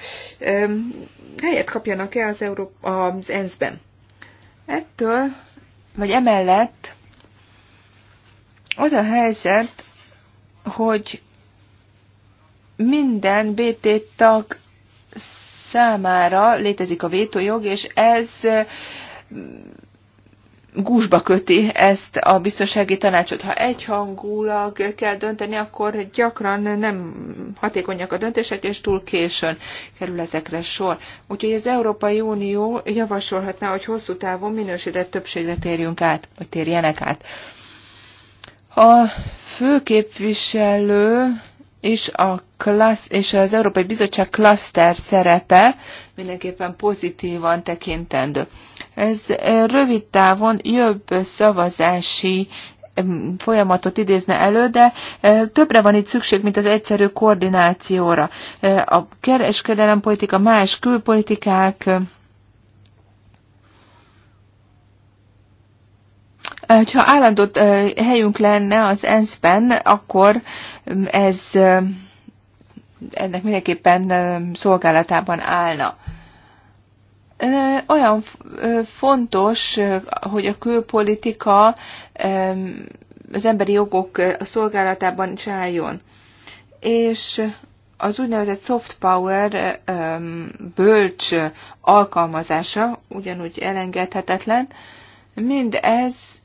helyet kapjanak-e az, Európa, az ENSZ-ben. Ettől, vagy emellett az a helyzet, hogy minden BT tag számára létezik a vétójog, és ez mm, gúzsba köti ezt a biztonsági tanácsot. Ha egyhangulag kell dönteni, akkor gyakran nem hatékonyak a döntések, és túl későn kerül ezekre sor. Úgyhogy az Európai Unió javasolhatná, hogy hosszú távon minősített többségre térjünk át, vagy térjenek át. A főképviselő is a klassz, és az Európai Bizottság klaszter szerepe mindenképpen pozitívan tekintendő. Ez rövid távon jobb szavazási folyamatot idézne elő, de többre van itt szükség, mint az egyszerű koordinációra. A kereskedelempolitika, más külpolitikák, Ha állandó helyünk lenne az ENSZ-ben, akkor ez ennek mindenképpen szolgálatában állna. Olyan fontos, hogy a külpolitika az emberi jogok szolgálatában csálljon. És az úgynevezett soft power bölcs alkalmazása ugyanúgy elengedhetetlen. Mindez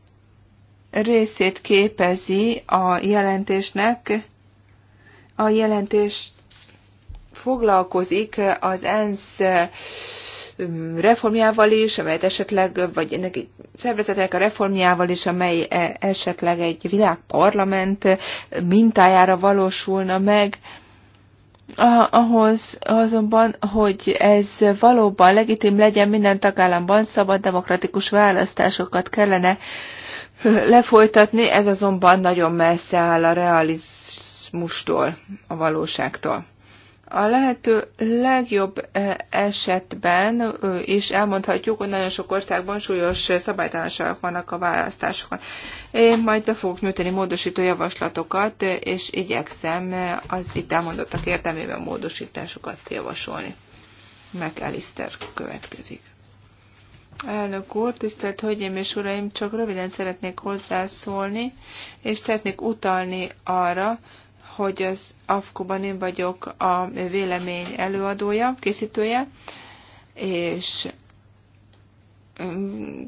részét képezi a jelentésnek. A jelentés foglalkozik az ENSZ um, reformjával is, amelyet esetleg, vagy ennek egy a reformjával is, amely e, esetleg egy világparlament mintájára valósulna meg. Ahhoz azonban, hogy ez valóban legitim legyen minden tagállamban, szabad demokratikus választásokat kellene uh, lefolytatni, ez azonban nagyon messze áll a realizmustól, a valóságtól. A lehető legjobb eh, esetben és eh, elmondhatjuk, hogy nagyon sok országban súlyos szabálytalanságok vannak a választásokon. Én majd be fogok nyújtani módosító javaslatokat, és igyekszem az itt elmondottak értelmében módosításokat javasolni. Meg Elister következik. Elnök úr, tisztelt Hölgyeim és Uraim, csak röviden szeretnék hozzászólni, és szeretnék utalni arra, hogy az AFKO-ban én vagyok a vélemény előadója, készítője, és mm,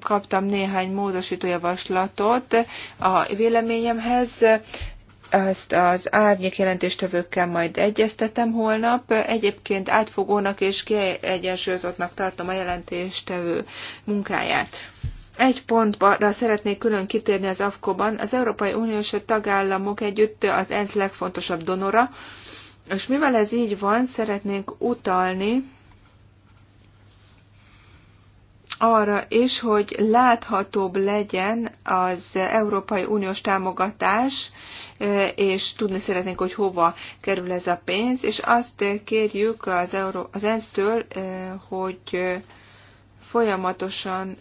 kaptam néhány módosítójavaslatot javaslatot a véleményemhez ezt az árnyék jelentéstevőkkel majd egyeztetem holnap. Egyébként átfogónak és kiegyensúlyozottnak tartom a jelentéstevő munkáját. Egy pontra szeretnék külön kitérni az AFKO-ban. Az Európai Uniós tagállamok együtt az ENSZ legfontosabb donora, és mivel ez így van, szeretnénk utalni arra is, hogy láthatóbb legyen az Európai Uniós támogatás, és tudni szeretnénk, hogy hova kerül ez a pénz, és azt kérjük az, Euró- az ENSZ-től, hogy folyamatosan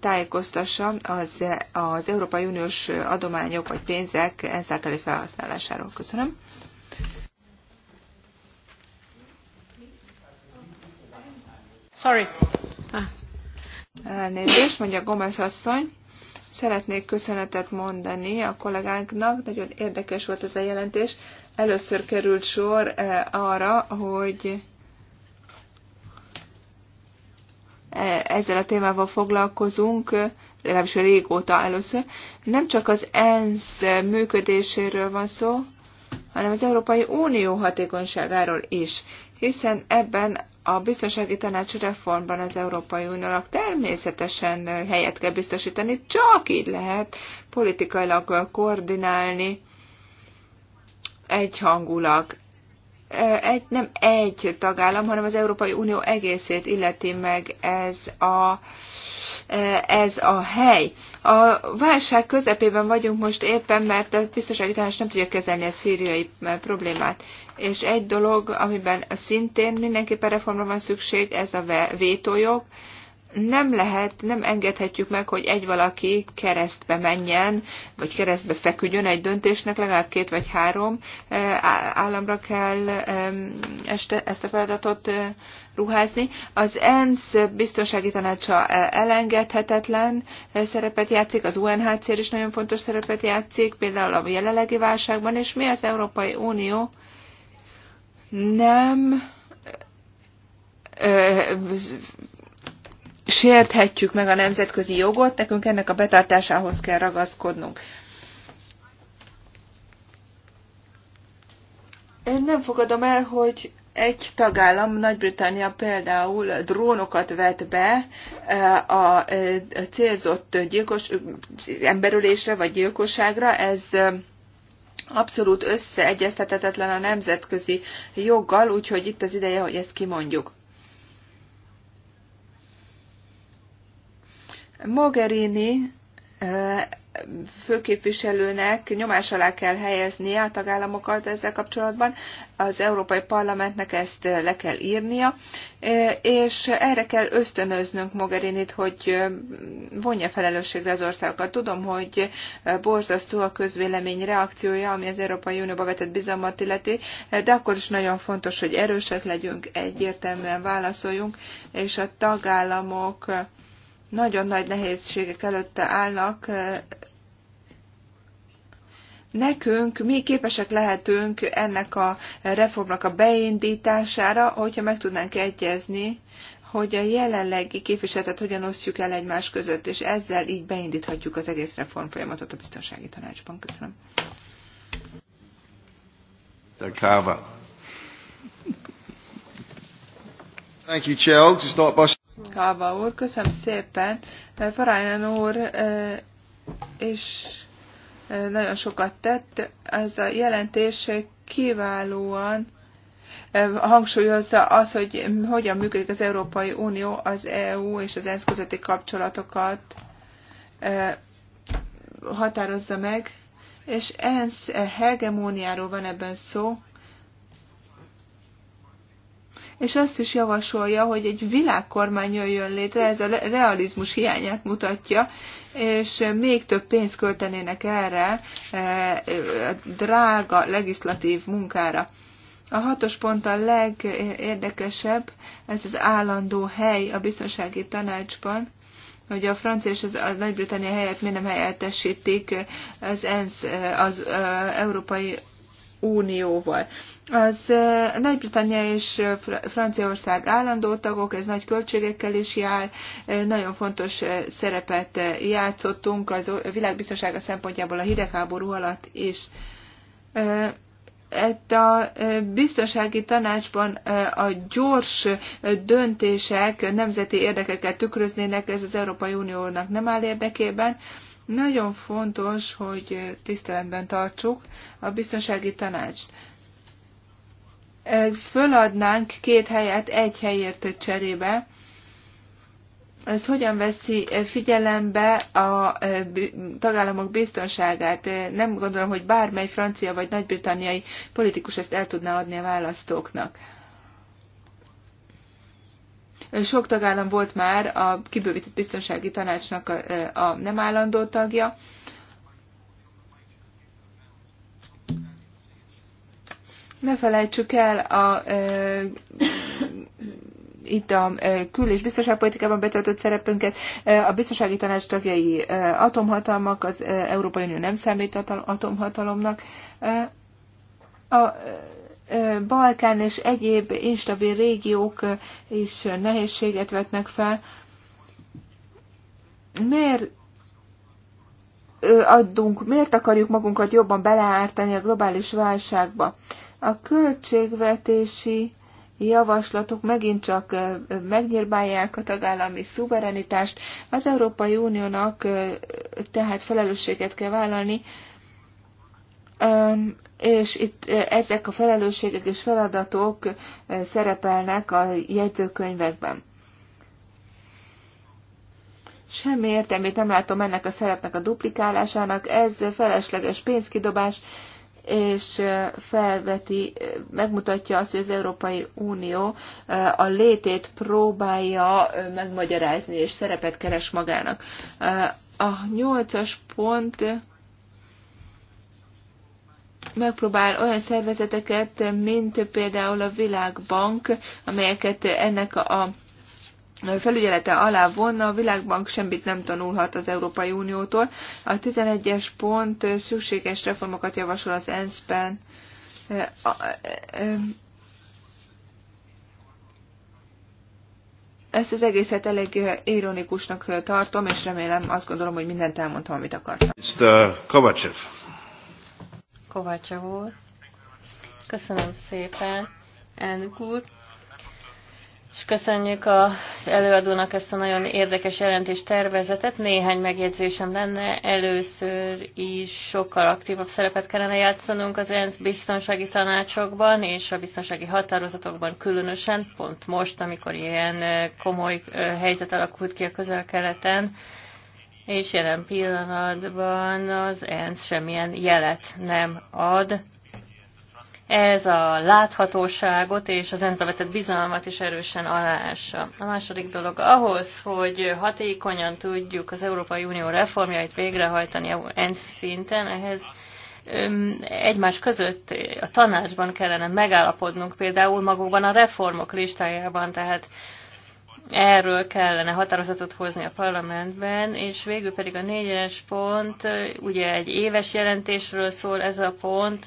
tájékoztassa az, az Európai Uniós adományok vagy pénzek ENSZ általi felhasználásáról. Köszönöm. Sorry. Elnézést, mondja Gomez asszony. Szeretnék köszönetet mondani a kollégánknak, nagyon érdekes volt ez a jelentés. Először került sor eh, arra, hogy eh, ezzel a témával foglalkozunk, eh, legalábbis régóta először. Nem csak az ENSZ működéséről van szó, hanem az Európai Unió hatékonyságáról is, hiszen ebben a biztonsági tanács reformban az Európai Uniónak természetesen helyet kell biztosítani, csak így lehet politikailag koordinálni egyhangulag. Egy, nem egy tagállam, hanem az Európai Unió egészét illeti meg ez a, ez a hely. A válság közepében vagyunk most éppen, mert a biztonsági tanács nem tudja kezelni a szíriai problémát. És egy dolog, amiben szintén mindenképpen reformra van szükség, ez a vétójog. Nem lehet, nem engedhetjük meg, hogy egy valaki keresztbe menjen, vagy keresztbe feküdjön egy döntésnek, legalább két vagy három eh, államra kell ezt a feladatot eh, ruházni. Az ENSZ biztonsági tanácsa eh, elengedhetetlen szerepet játszik, az UNHCR is nagyon fontos szerepet játszik, például a jelenlegi válságban, és mi az Európai Unió nem sérthetjük meg a nemzetközi jogot, nekünk ennek a betartásához kell ragaszkodnunk. Én nem fogadom el, hogy egy tagállam, Nagy-Britannia például drónokat vet be a célzott gyilkos emberülésre vagy gyilkosságra, ez abszolút összeegyeztetetlen a nemzetközi joggal, úgyhogy itt az ideje, hogy ezt kimondjuk. Mogherini főképviselőnek nyomás alá kell helyeznie a tagállamokat ezzel kapcsolatban, az Európai Parlamentnek ezt le kell írnia, és erre kell ösztönöznünk Mogherinit, hogy vonja felelősségre az országokat. Tudom, hogy borzasztó a közvélemény reakciója, ami az Európai Unióba vetett bizalmat illeti, de akkor is nagyon fontos, hogy erősek legyünk, egyértelműen válaszoljunk, és a tagállamok nagyon nagy nehézségek előtte állnak. Nekünk mi képesek lehetünk ennek a reformnak a beindítására, hogyha meg tudnánk egyezni, hogy a jelenlegi képviseletet hogyan osztjuk el egymás között, és ezzel így beindíthatjuk az egész reform folyamatot a biztonsági tanácsban. Köszönöm. Thank you, Chair. To start by... Halva úr, köszönöm szépen. Farajnán eh, úr, eh, és eh, nagyon sokat tett. Ez a jelentés kiválóan hangsúlyozza az, hogy hogyan működik az Európai Unió, az EU és az ENSZ közötti kapcsolatokat határozza meg, és ENSZ hegemóniáról van ebben szó, és azt is javasolja, hogy egy világkormány jöjjön létre, ez a realizmus hiányát mutatja, és még több pénzt költenének erre e, e, drága legislatív munkára. A hatos pont a legérdekesebb, ez az állandó hely a biztonsági tanácsban, hogy a francia és az, a Nagy-Britannia helyett miért nem helyettesítik e, az ENSZ, az Európai Unióval. Az Nagy-Britannia és Franciaország állandó tagok, ez nagy költségekkel is jár, nagyon fontos szerepet játszottunk az világbiztonsága szempontjából a hidegháború alatt is. Ett a biztonsági tanácsban a gyors döntések nemzeti érdekeket tükröznének, ez az Európai Uniónak nem áll érdekében nagyon fontos, hogy tiszteletben tartsuk a biztonsági tanácst. Föladnánk két helyet egy helyért cserébe. Ez hogyan veszi figyelembe a tagállamok biztonságát? Nem gondolom, hogy bármely francia vagy nagybritanniai politikus ezt el tudná adni a választóknak. Sok tagállam volt már a kibővített biztonsági tanácsnak a, a nem állandó tagja. Ne felejtsük el a e, itt a kül- és biztonságpolitikában betöltött szerepünket. A biztonsági tanács tagjai atomhatalmak, az Európai Unió nem számít atomhatalomnak. A Balkán és egyéb instabil régiók is nehézséget vetnek fel. Miért adunk, miért akarjuk magunkat jobban beleártani a globális válságba? A költségvetési javaslatok megint csak megnyírbálják a tagállami szuverenitást. Az Európai Uniónak tehát felelősséget kell vállalni és itt ezek a felelősségek és feladatok szerepelnek a jegyzőkönyvekben. Semmi értelmét nem látom ennek a szerepnek a duplikálásának, ez felesleges pénzkidobás, és felveti, megmutatja azt, hogy az Európai Unió a létét próbálja megmagyarázni, és szerepet keres magának. A nyolcas pont megpróbál olyan szervezeteket, mint például a Világbank, amelyeket ennek a felügyelete alá vonna, a Világbank semmit nem tanulhat az Európai Uniótól. A 11-es pont szükséges reformokat javasol az ENSZ-ben. Ezt az egészet elég ironikusnak tartom, és remélem, azt gondolom, hogy mindent elmondtam, amit akartam. Mr. Kovacsev. Kovácsa úr. Köszönöm szépen, elnök úr. És köszönjük az előadónak ezt a nagyon érdekes jelentés tervezetet. Néhány megjegyzésem lenne. Először is sokkal aktívabb szerepet kellene játszanunk az ENSZ biztonsági tanácsokban és a biztonsági határozatokban különösen, pont most, amikor ilyen komoly helyzet alakult ki a közel-keleten és jelen pillanatban az ENSZ semmilyen jelet nem ad. Ez a láthatóságot és az ENSZ-be bizalmat is erősen alása. A második dolog ahhoz, hogy hatékonyan tudjuk az Európai Unió reformjait végrehajtani ENSZ szinten, ehhez egymás között a tanácsban kellene megállapodnunk például magukban a reformok listájában, tehát Erről kellene határozatot hozni a parlamentben, és végül pedig a négyes pont, ugye egy éves jelentésről szól ez a pont,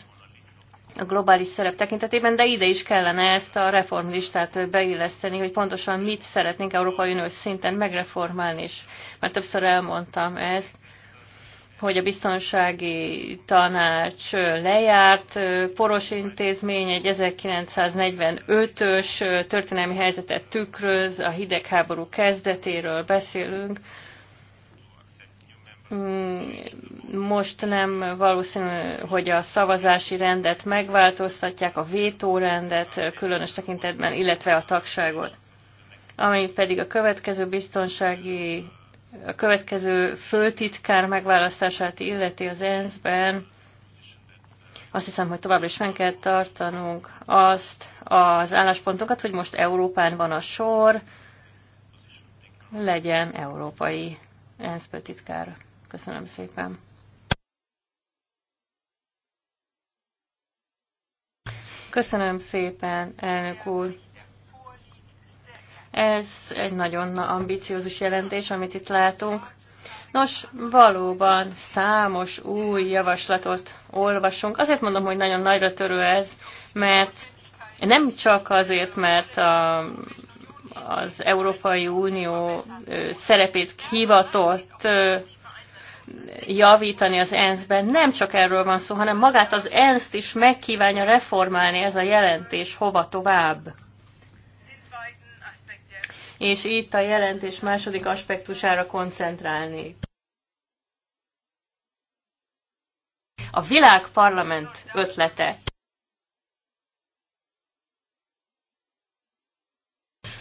a globális szerep tekintetében, de ide is kellene ezt a reformlistát beilleszteni, hogy pontosan mit szeretnénk Európai Unió szinten megreformálni, és már többször elmondtam ezt, hogy a biztonsági tanács lejárt, poros intézmény egy 1945-ös történelmi helyzetet tükröz, a hidegháború kezdetéről beszélünk. Mm, most nem valószínű, hogy a szavazási rendet megváltoztatják, a vétórendet különös tekintetben, illetve a tagságot. Ami pedig a következő biztonsági a következő föltitkár megválasztását illeti az ENSZ-ben, azt hiszem, hogy továbbra is fenn kell tartanunk azt az álláspontokat, hogy most Európán van a sor, legyen európai ENSZ titkár. Köszönöm szépen. Köszönöm szépen, elnök úr. Ez egy nagyon ambiciózus jelentés, amit itt látunk. Nos, valóban számos új javaslatot olvasunk. Azért mondom, hogy nagyon nagyra törő ez, mert nem csak azért, mert a, az Európai Unió szerepét hivatott javítani az ENSZ-ben. Nem csak erről van szó, hanem magát az ENSZ-t is megkívánja reformálni ez a jelentés hova tovább és itt a jelentés második aspektusára koncentrálni. A világparlament ötlete.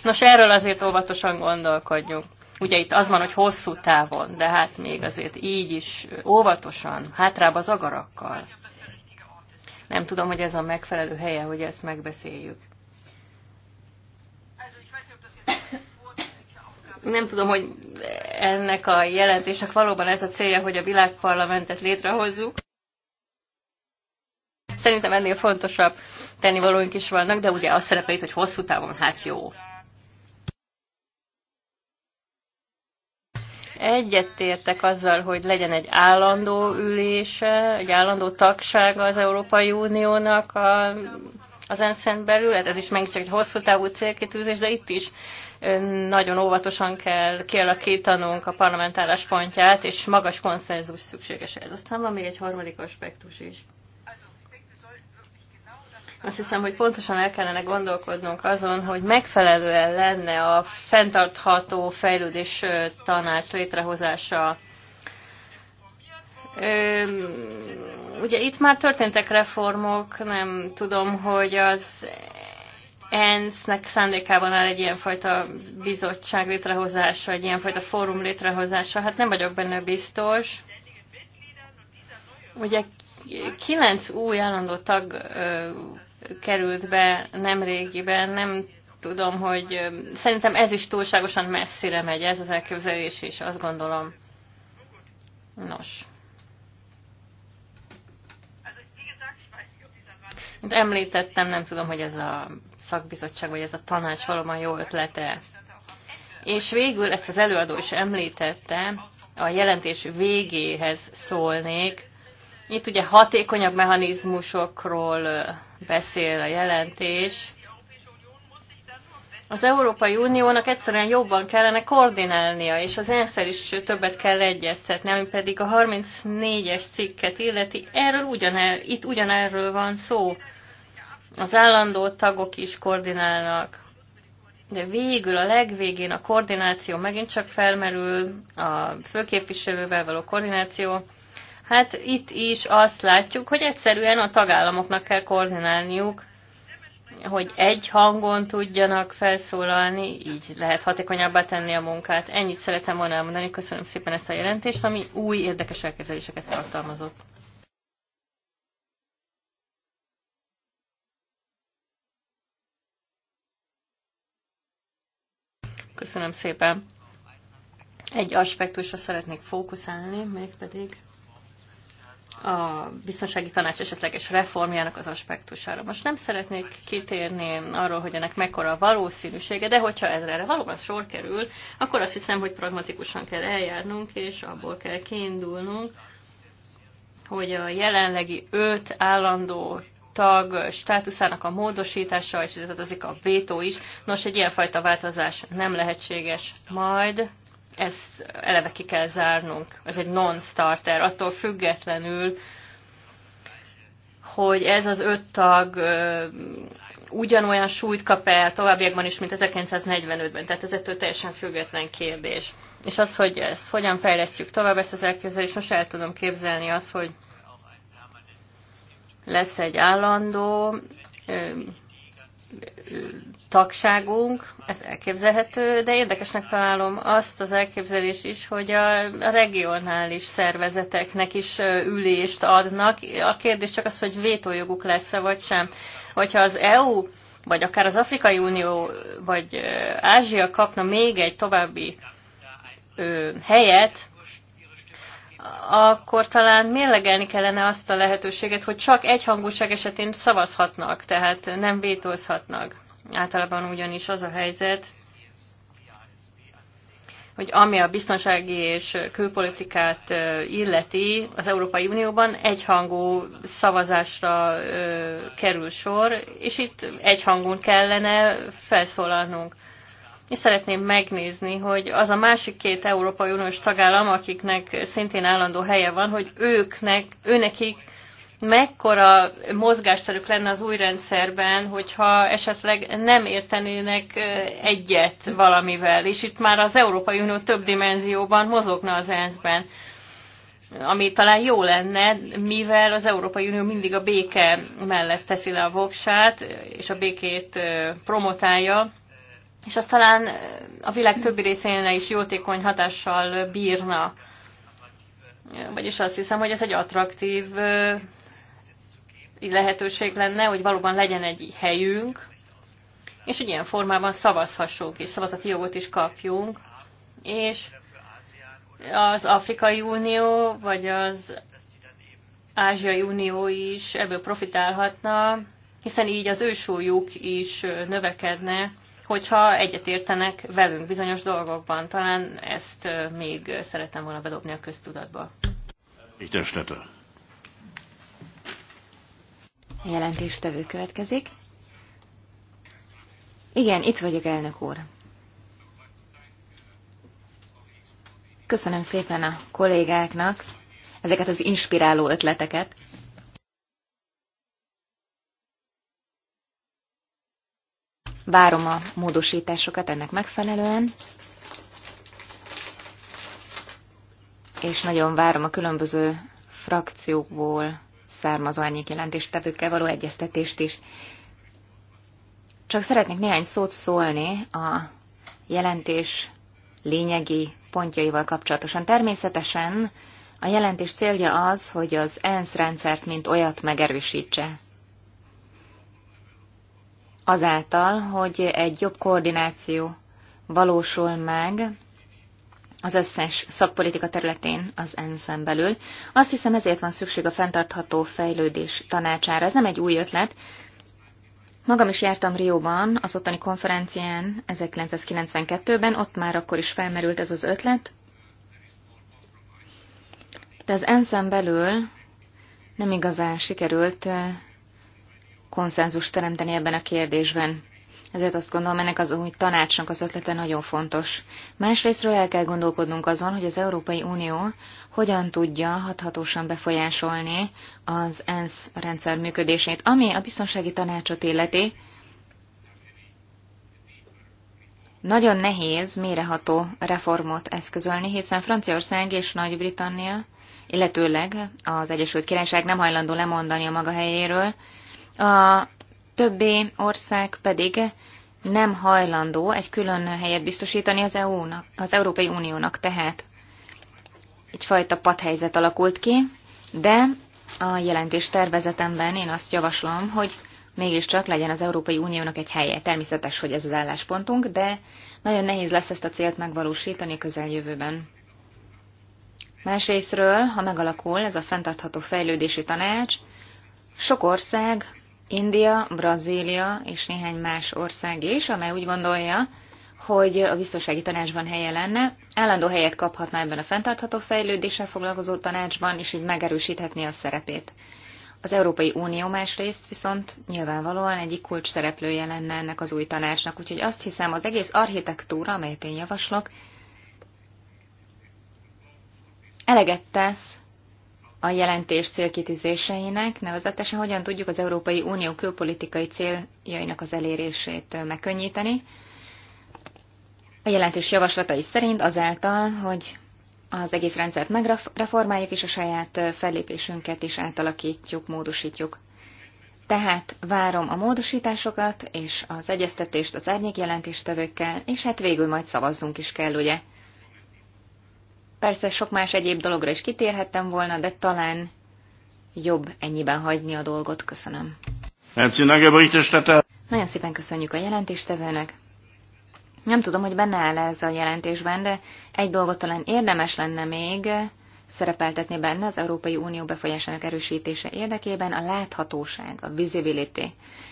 Nos, erről azért óvatosan gondolkodjunk. Ugye itt az van, hogy hosszú távon, de hát még azért így is óvatosan, hátrább az agarakkal. Nem tudom, hogy ez a megfelelő helye, hogy ezt megbeszéljük. nem tudom, hogy ennek a jelentésnek valóban ez a célja, hogy a világparlamentet létrehozzuk. Szerintem ennél fontosabb tennivalóink is vannak, de ugye azt szerepel hogy hosszú távon hát jó. Egyetértek azzal, hogy legyen egy állandó ülése, egy állandó tagsága az Európai Uniónak a, az ensz belül, hát ez is megint csak egy hosszú távú célkitűzés, de itt is nagyon óvatosan kell kialakítanunk a parlamentárás pontját és magas konszenzus szükséges ez. Aztán van még egy harmadik aspektus is. Azt hiszem, hogy pontosan el kellene gondolkodnunk azon, hogy megfelelően lenne a fenntartható fejlődés tanács létrehozása. Ö, ugye itt már történtek reformok, nem tudom, hogy az ENSZ-nek szándékában áll egy ilyenfajta bizottság létrehozása, egy ilyenfajta fórum létrehozása. Hát nem vagyok benne biztos. Ugye kilenc új állandó tag ö, került be nemrégiben, nem tudom, hogy ö, szerintem ez is túlságosan messzire megy, ez az elképzelés is, azt gondolom. Nos. Mint hát említettem, nem tudom, hogy ez a szakbizottság, vagy ez a tanács valóban jó ötlete. És végül ezt az előadó is említette, a jelentés végéhez szólnék. Itt ugye hatékonyabb mechanizmusokról beszél a jelentés. Az Európai Uniónak egyszerűen jobban kellene koordinálnia, és az ensz is többet kell egyeztetni, ami pedig a 34-es cikket illeti. Erről ugyaner, itt ugyanerről van szó az állandó tagok is koordinálnak, de végül a legvégén a koordináció megint csak felmerül, a főképviselővel való koordináció. Hát itt is azt látjuk, hogy egyszerűen a tagállamoknak kell koordinálniuk, hogy egy hangon tudjanak felszólalni, így lehet hatékonyabbá tenni a munkát. Ennyit szeretem volna elmondani, köszönöm szépen ezt a jelentést, ami új érdekes elképzeléseket tartalmazott. Köszönöm szépen. Egy aspektusra szeretnék fókuszálni, mégpedig a biztonsági tanács esetleges reformjának az aspektusára. Most nem szeretnék kitérni arról, hogy ennek mekkora a valószínűsége, de hogyha ez erre valóban sor kerül, akkor azt hiszem, hogy pragmatikusan kell eljárnunk, és abból kell kiindulnunk, hogy a jelenlegi öt állandó tag státuszának a módosítása, és ez azik a vétó is. Nos, egy ilyenfajta változás nem lehetséges majd. Ezt eleve ki kell zárnunk. Ez egy non-starter. Attól függetlenül, hogy ez az öt tag ugyanolyan súlyt kap el továbbiakban is, mint 1945-ben. Tehát ez ettől teljesen független kérdés. És az, hogy ezt hogyan fejlesztjük tovább, ezt az elképzelést, most el tudom képzelni azt, hogy lesz egy állandó tagságunk, ez elképzelhető, de érdekesnek találom azt az elképzelés is, hogy a regionális szervezeteknek is ülést adnak. A kérdés csak az, hogy vétójoguk lesz-e vagy sem. Hogyha az EU, vagy akár az Afrikai Unió, vagy Ázsia kapna még egy további helyet, akkor talán mérlegelni kellene azt a lehetőséget, hogy csak hangúság esetén szavazhatnak, tehát nem vétózhatnak. Általában ugyanis az a helyzet, hogy ami a biztonsági és külpolitikát illeti az Európai Unióban, egyhangú szavazásra kerül sor, és itt egyhangon kellene felszólalnunk. Én szeretném megnézni, hogy az a másik két Európai Uniós tagállam, akiknek szintén állandó helye van, hogy őknek, őnekik mekkora mozgásterük lenne az új rendszerben, hogyha esetleg nem értenének egyet valamivel, és itt már az Európai Unió több dimenzióban mozogna az ENSZ-ben ami talán jó lenne, mivel az Európai Unió mindig a béke mellett teszi le a voksát, és a békét promotálja, és az talán a világ többi részén is jótékony hatással bírna. Vagyis azt hiszem, hogy ez egy attraktív lehetőség lenne, hogy valóban legyen egy helyünk, és hogy ilyen formában szavazhassunk, és szavazati jogot is kapjunk. És az Afrikai Unió, vagy az Ázsiai Unió is ebből profitálhatna, hiszen így az ősúlyuk is növekedne, hogyha egyetértenek velünk bizonyos dolgokban. Talán ezt még szeretem volna bedobni a köztudatba. Itt estetől. Jelentéstevő következik. Igen, itt vagyok, elnök úr. Köszönöm szépen a kollégáknak ezeket az inspiráló ötleteket. Várom a módosításokat ennek megfelelően, és nagyon várom a különböző frakciókból származó árnyékjelentéstevőkkel való egyeztetést is. Csak szeretnék néhány szót szólni a jelentés lényegi pontjaival kapcsolatosan. Természetesen a jelentés célja az, hogy az ENSZ rendszert mint olyat megerősítse azáltal, hogy egy jobb koordináció valósul meg az összes szakpolitika területén az ENSZ-en belül. Azt hiszem ezért van szükség a fenntartható fejlődés tanácsára. Ez nem egy új ötlet. Magam is jártam Rióban, az ottani konferencián 1992-ben, ott már akkor is felmerült ez az ötlet. De az ENSZ-en belül nem igazán sikerült eh, konszenzus teremteni ebben a kérdésben. Ezért azt gondolom, ennek az új tanácsnak az ötlete nagyon fontos. Másrésztről el kell gondolkodnunk azon, hogy az Európai Unió hogyan tudja hathatósan befolyásolni az ENSZ rendszer működését, ami a biztonsági tanácsot illeti. Nagyon nehéz méreható reformot eszközölni, hiszen Franciaország és Nagy-Britannia, illetőleg az Egyesült Királyság nem hajlandó lemondani a maga helyéről, a többi ország pedig nem hajlandó egy külön helyet biztosítani az, EU-nak, az Európai Uniónak, tehát egyfajta padhelyzet alakult ki, de a jelentés tervezetemben én azt javaslom, hogy mégiscsak legyen az Európai Uniónak egy helye. Természetes, hogy ez az álláspontunk, de nagyon nehéz lesz ezt a célt megvalósítani a közeljövőben. Másrésztről, ha megalakul ez a fenntartható fejlődési tanács, sok ország India, Brazília és néhány más ország is, amely úgy gondolja, hogy a biztonsági tanácsban helye lenne, állandó helyet kaphatna ebben a fenntartható fejlődéssel foglalkozó tanácsban, és így megerősíthetné a szerepét. Az Európai Unió másrészt viszont nyilvánvalóan egyik kulcs szereplője lenne ennek az új tanácsnak, úgyhogy azt hiszem az egész architektúra, amelyet én javaslok, eleget tesz a jelentés célkitűzéseinek, nevezetesen hogyan tudjuk az Európai Unió külpolitikai céljainak az elérését megkönnyíteni. A jelentés javaslatai szerint azáltal, hogy az egész rendszert megreformáljuk, és a saját fellépésünket is átalakítjuk, módosítjuk. Tehát várom a módosításokat és az egyeztetést az árnyék jelentéstevőkkel, és hát végül majd szavazzunk is kell, ugye? Persze sok más egyéb dologra is kitérhettem volna, de talán jobb ennyiben hagyni a dolgot. Köszönöm. Nagyon szépen köszönjük a jelentéstevőnek. Nem tudom, hogy benne áll ez a jelentésben, de egy dolgot talán érdemes lenne még szerepeltetni benne az Európai Unió befolyásának erősítése érdekében a láthatóság, a visibility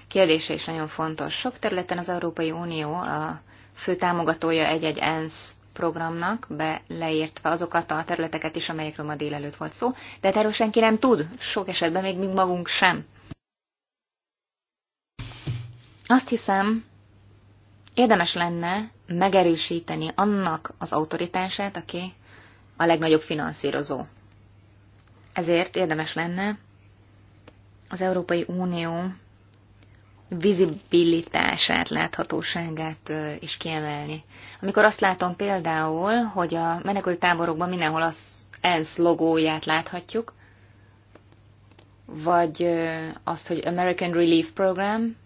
kérdése is nagyon fontos. Sok területen az Európai Unió a fő támogatója egy-egy ENSZ programnak, be leértve azokat a területeket is, amelyekről ma délelőtt volt szó, de hát erről senki nem tud, sok esetben még mi magunk sem. Azt hiszem, érdemes lenne megerősíteni annak az autoritását, aki a legnagyobb finanszírozó. Ezért érdemes lenne az Európai Unió vizibilitását, láthatóságát is kiemelni. Amikor azt látom például, hogy a menekült táborokban mindenhol az ENSZ logóját láthatjuk, vagy azt, hogy American Relief Program,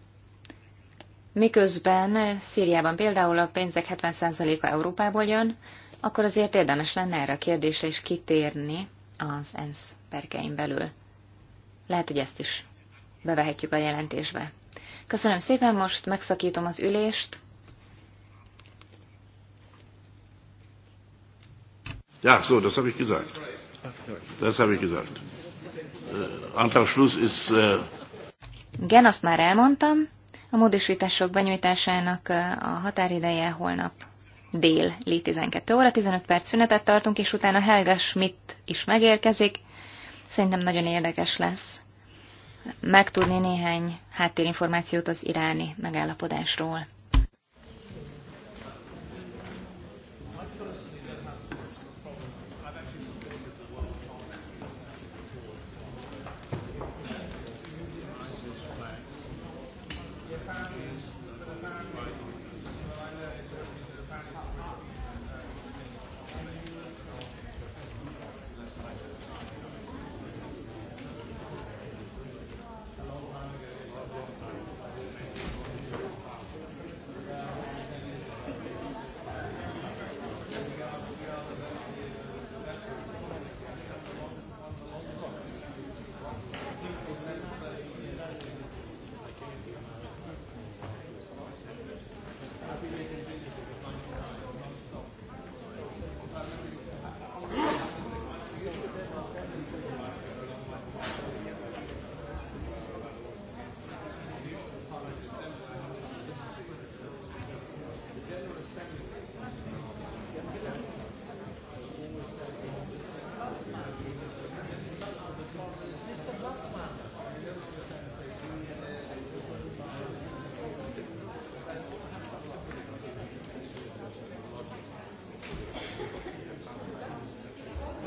miközben Szíriában például a pénzek 70%-a Európából jön, akkor azért érdemes lenne erre a kérdésre is kitérni az ENSZ perkein belül. Lehet, hogy ezt is bevehetjük a jelentésbe. Köszönöm szépen, most megszakítom az ülést. Ja, so, das habe ich gesagt. Das habe ich gesagt. Uh, Antrag Schluss ist... Uh... Igen, azt már elmondtam. A módosítások benyújtásának äh, a határideje holnap dél, lé 12 óra, 15 perc szünetet tartunk, és utána Helga Schmidt is megérkezik. Szerintem nagyon érdekes lesz megtudni néhány háttérinformációt az iráni megállapodásról.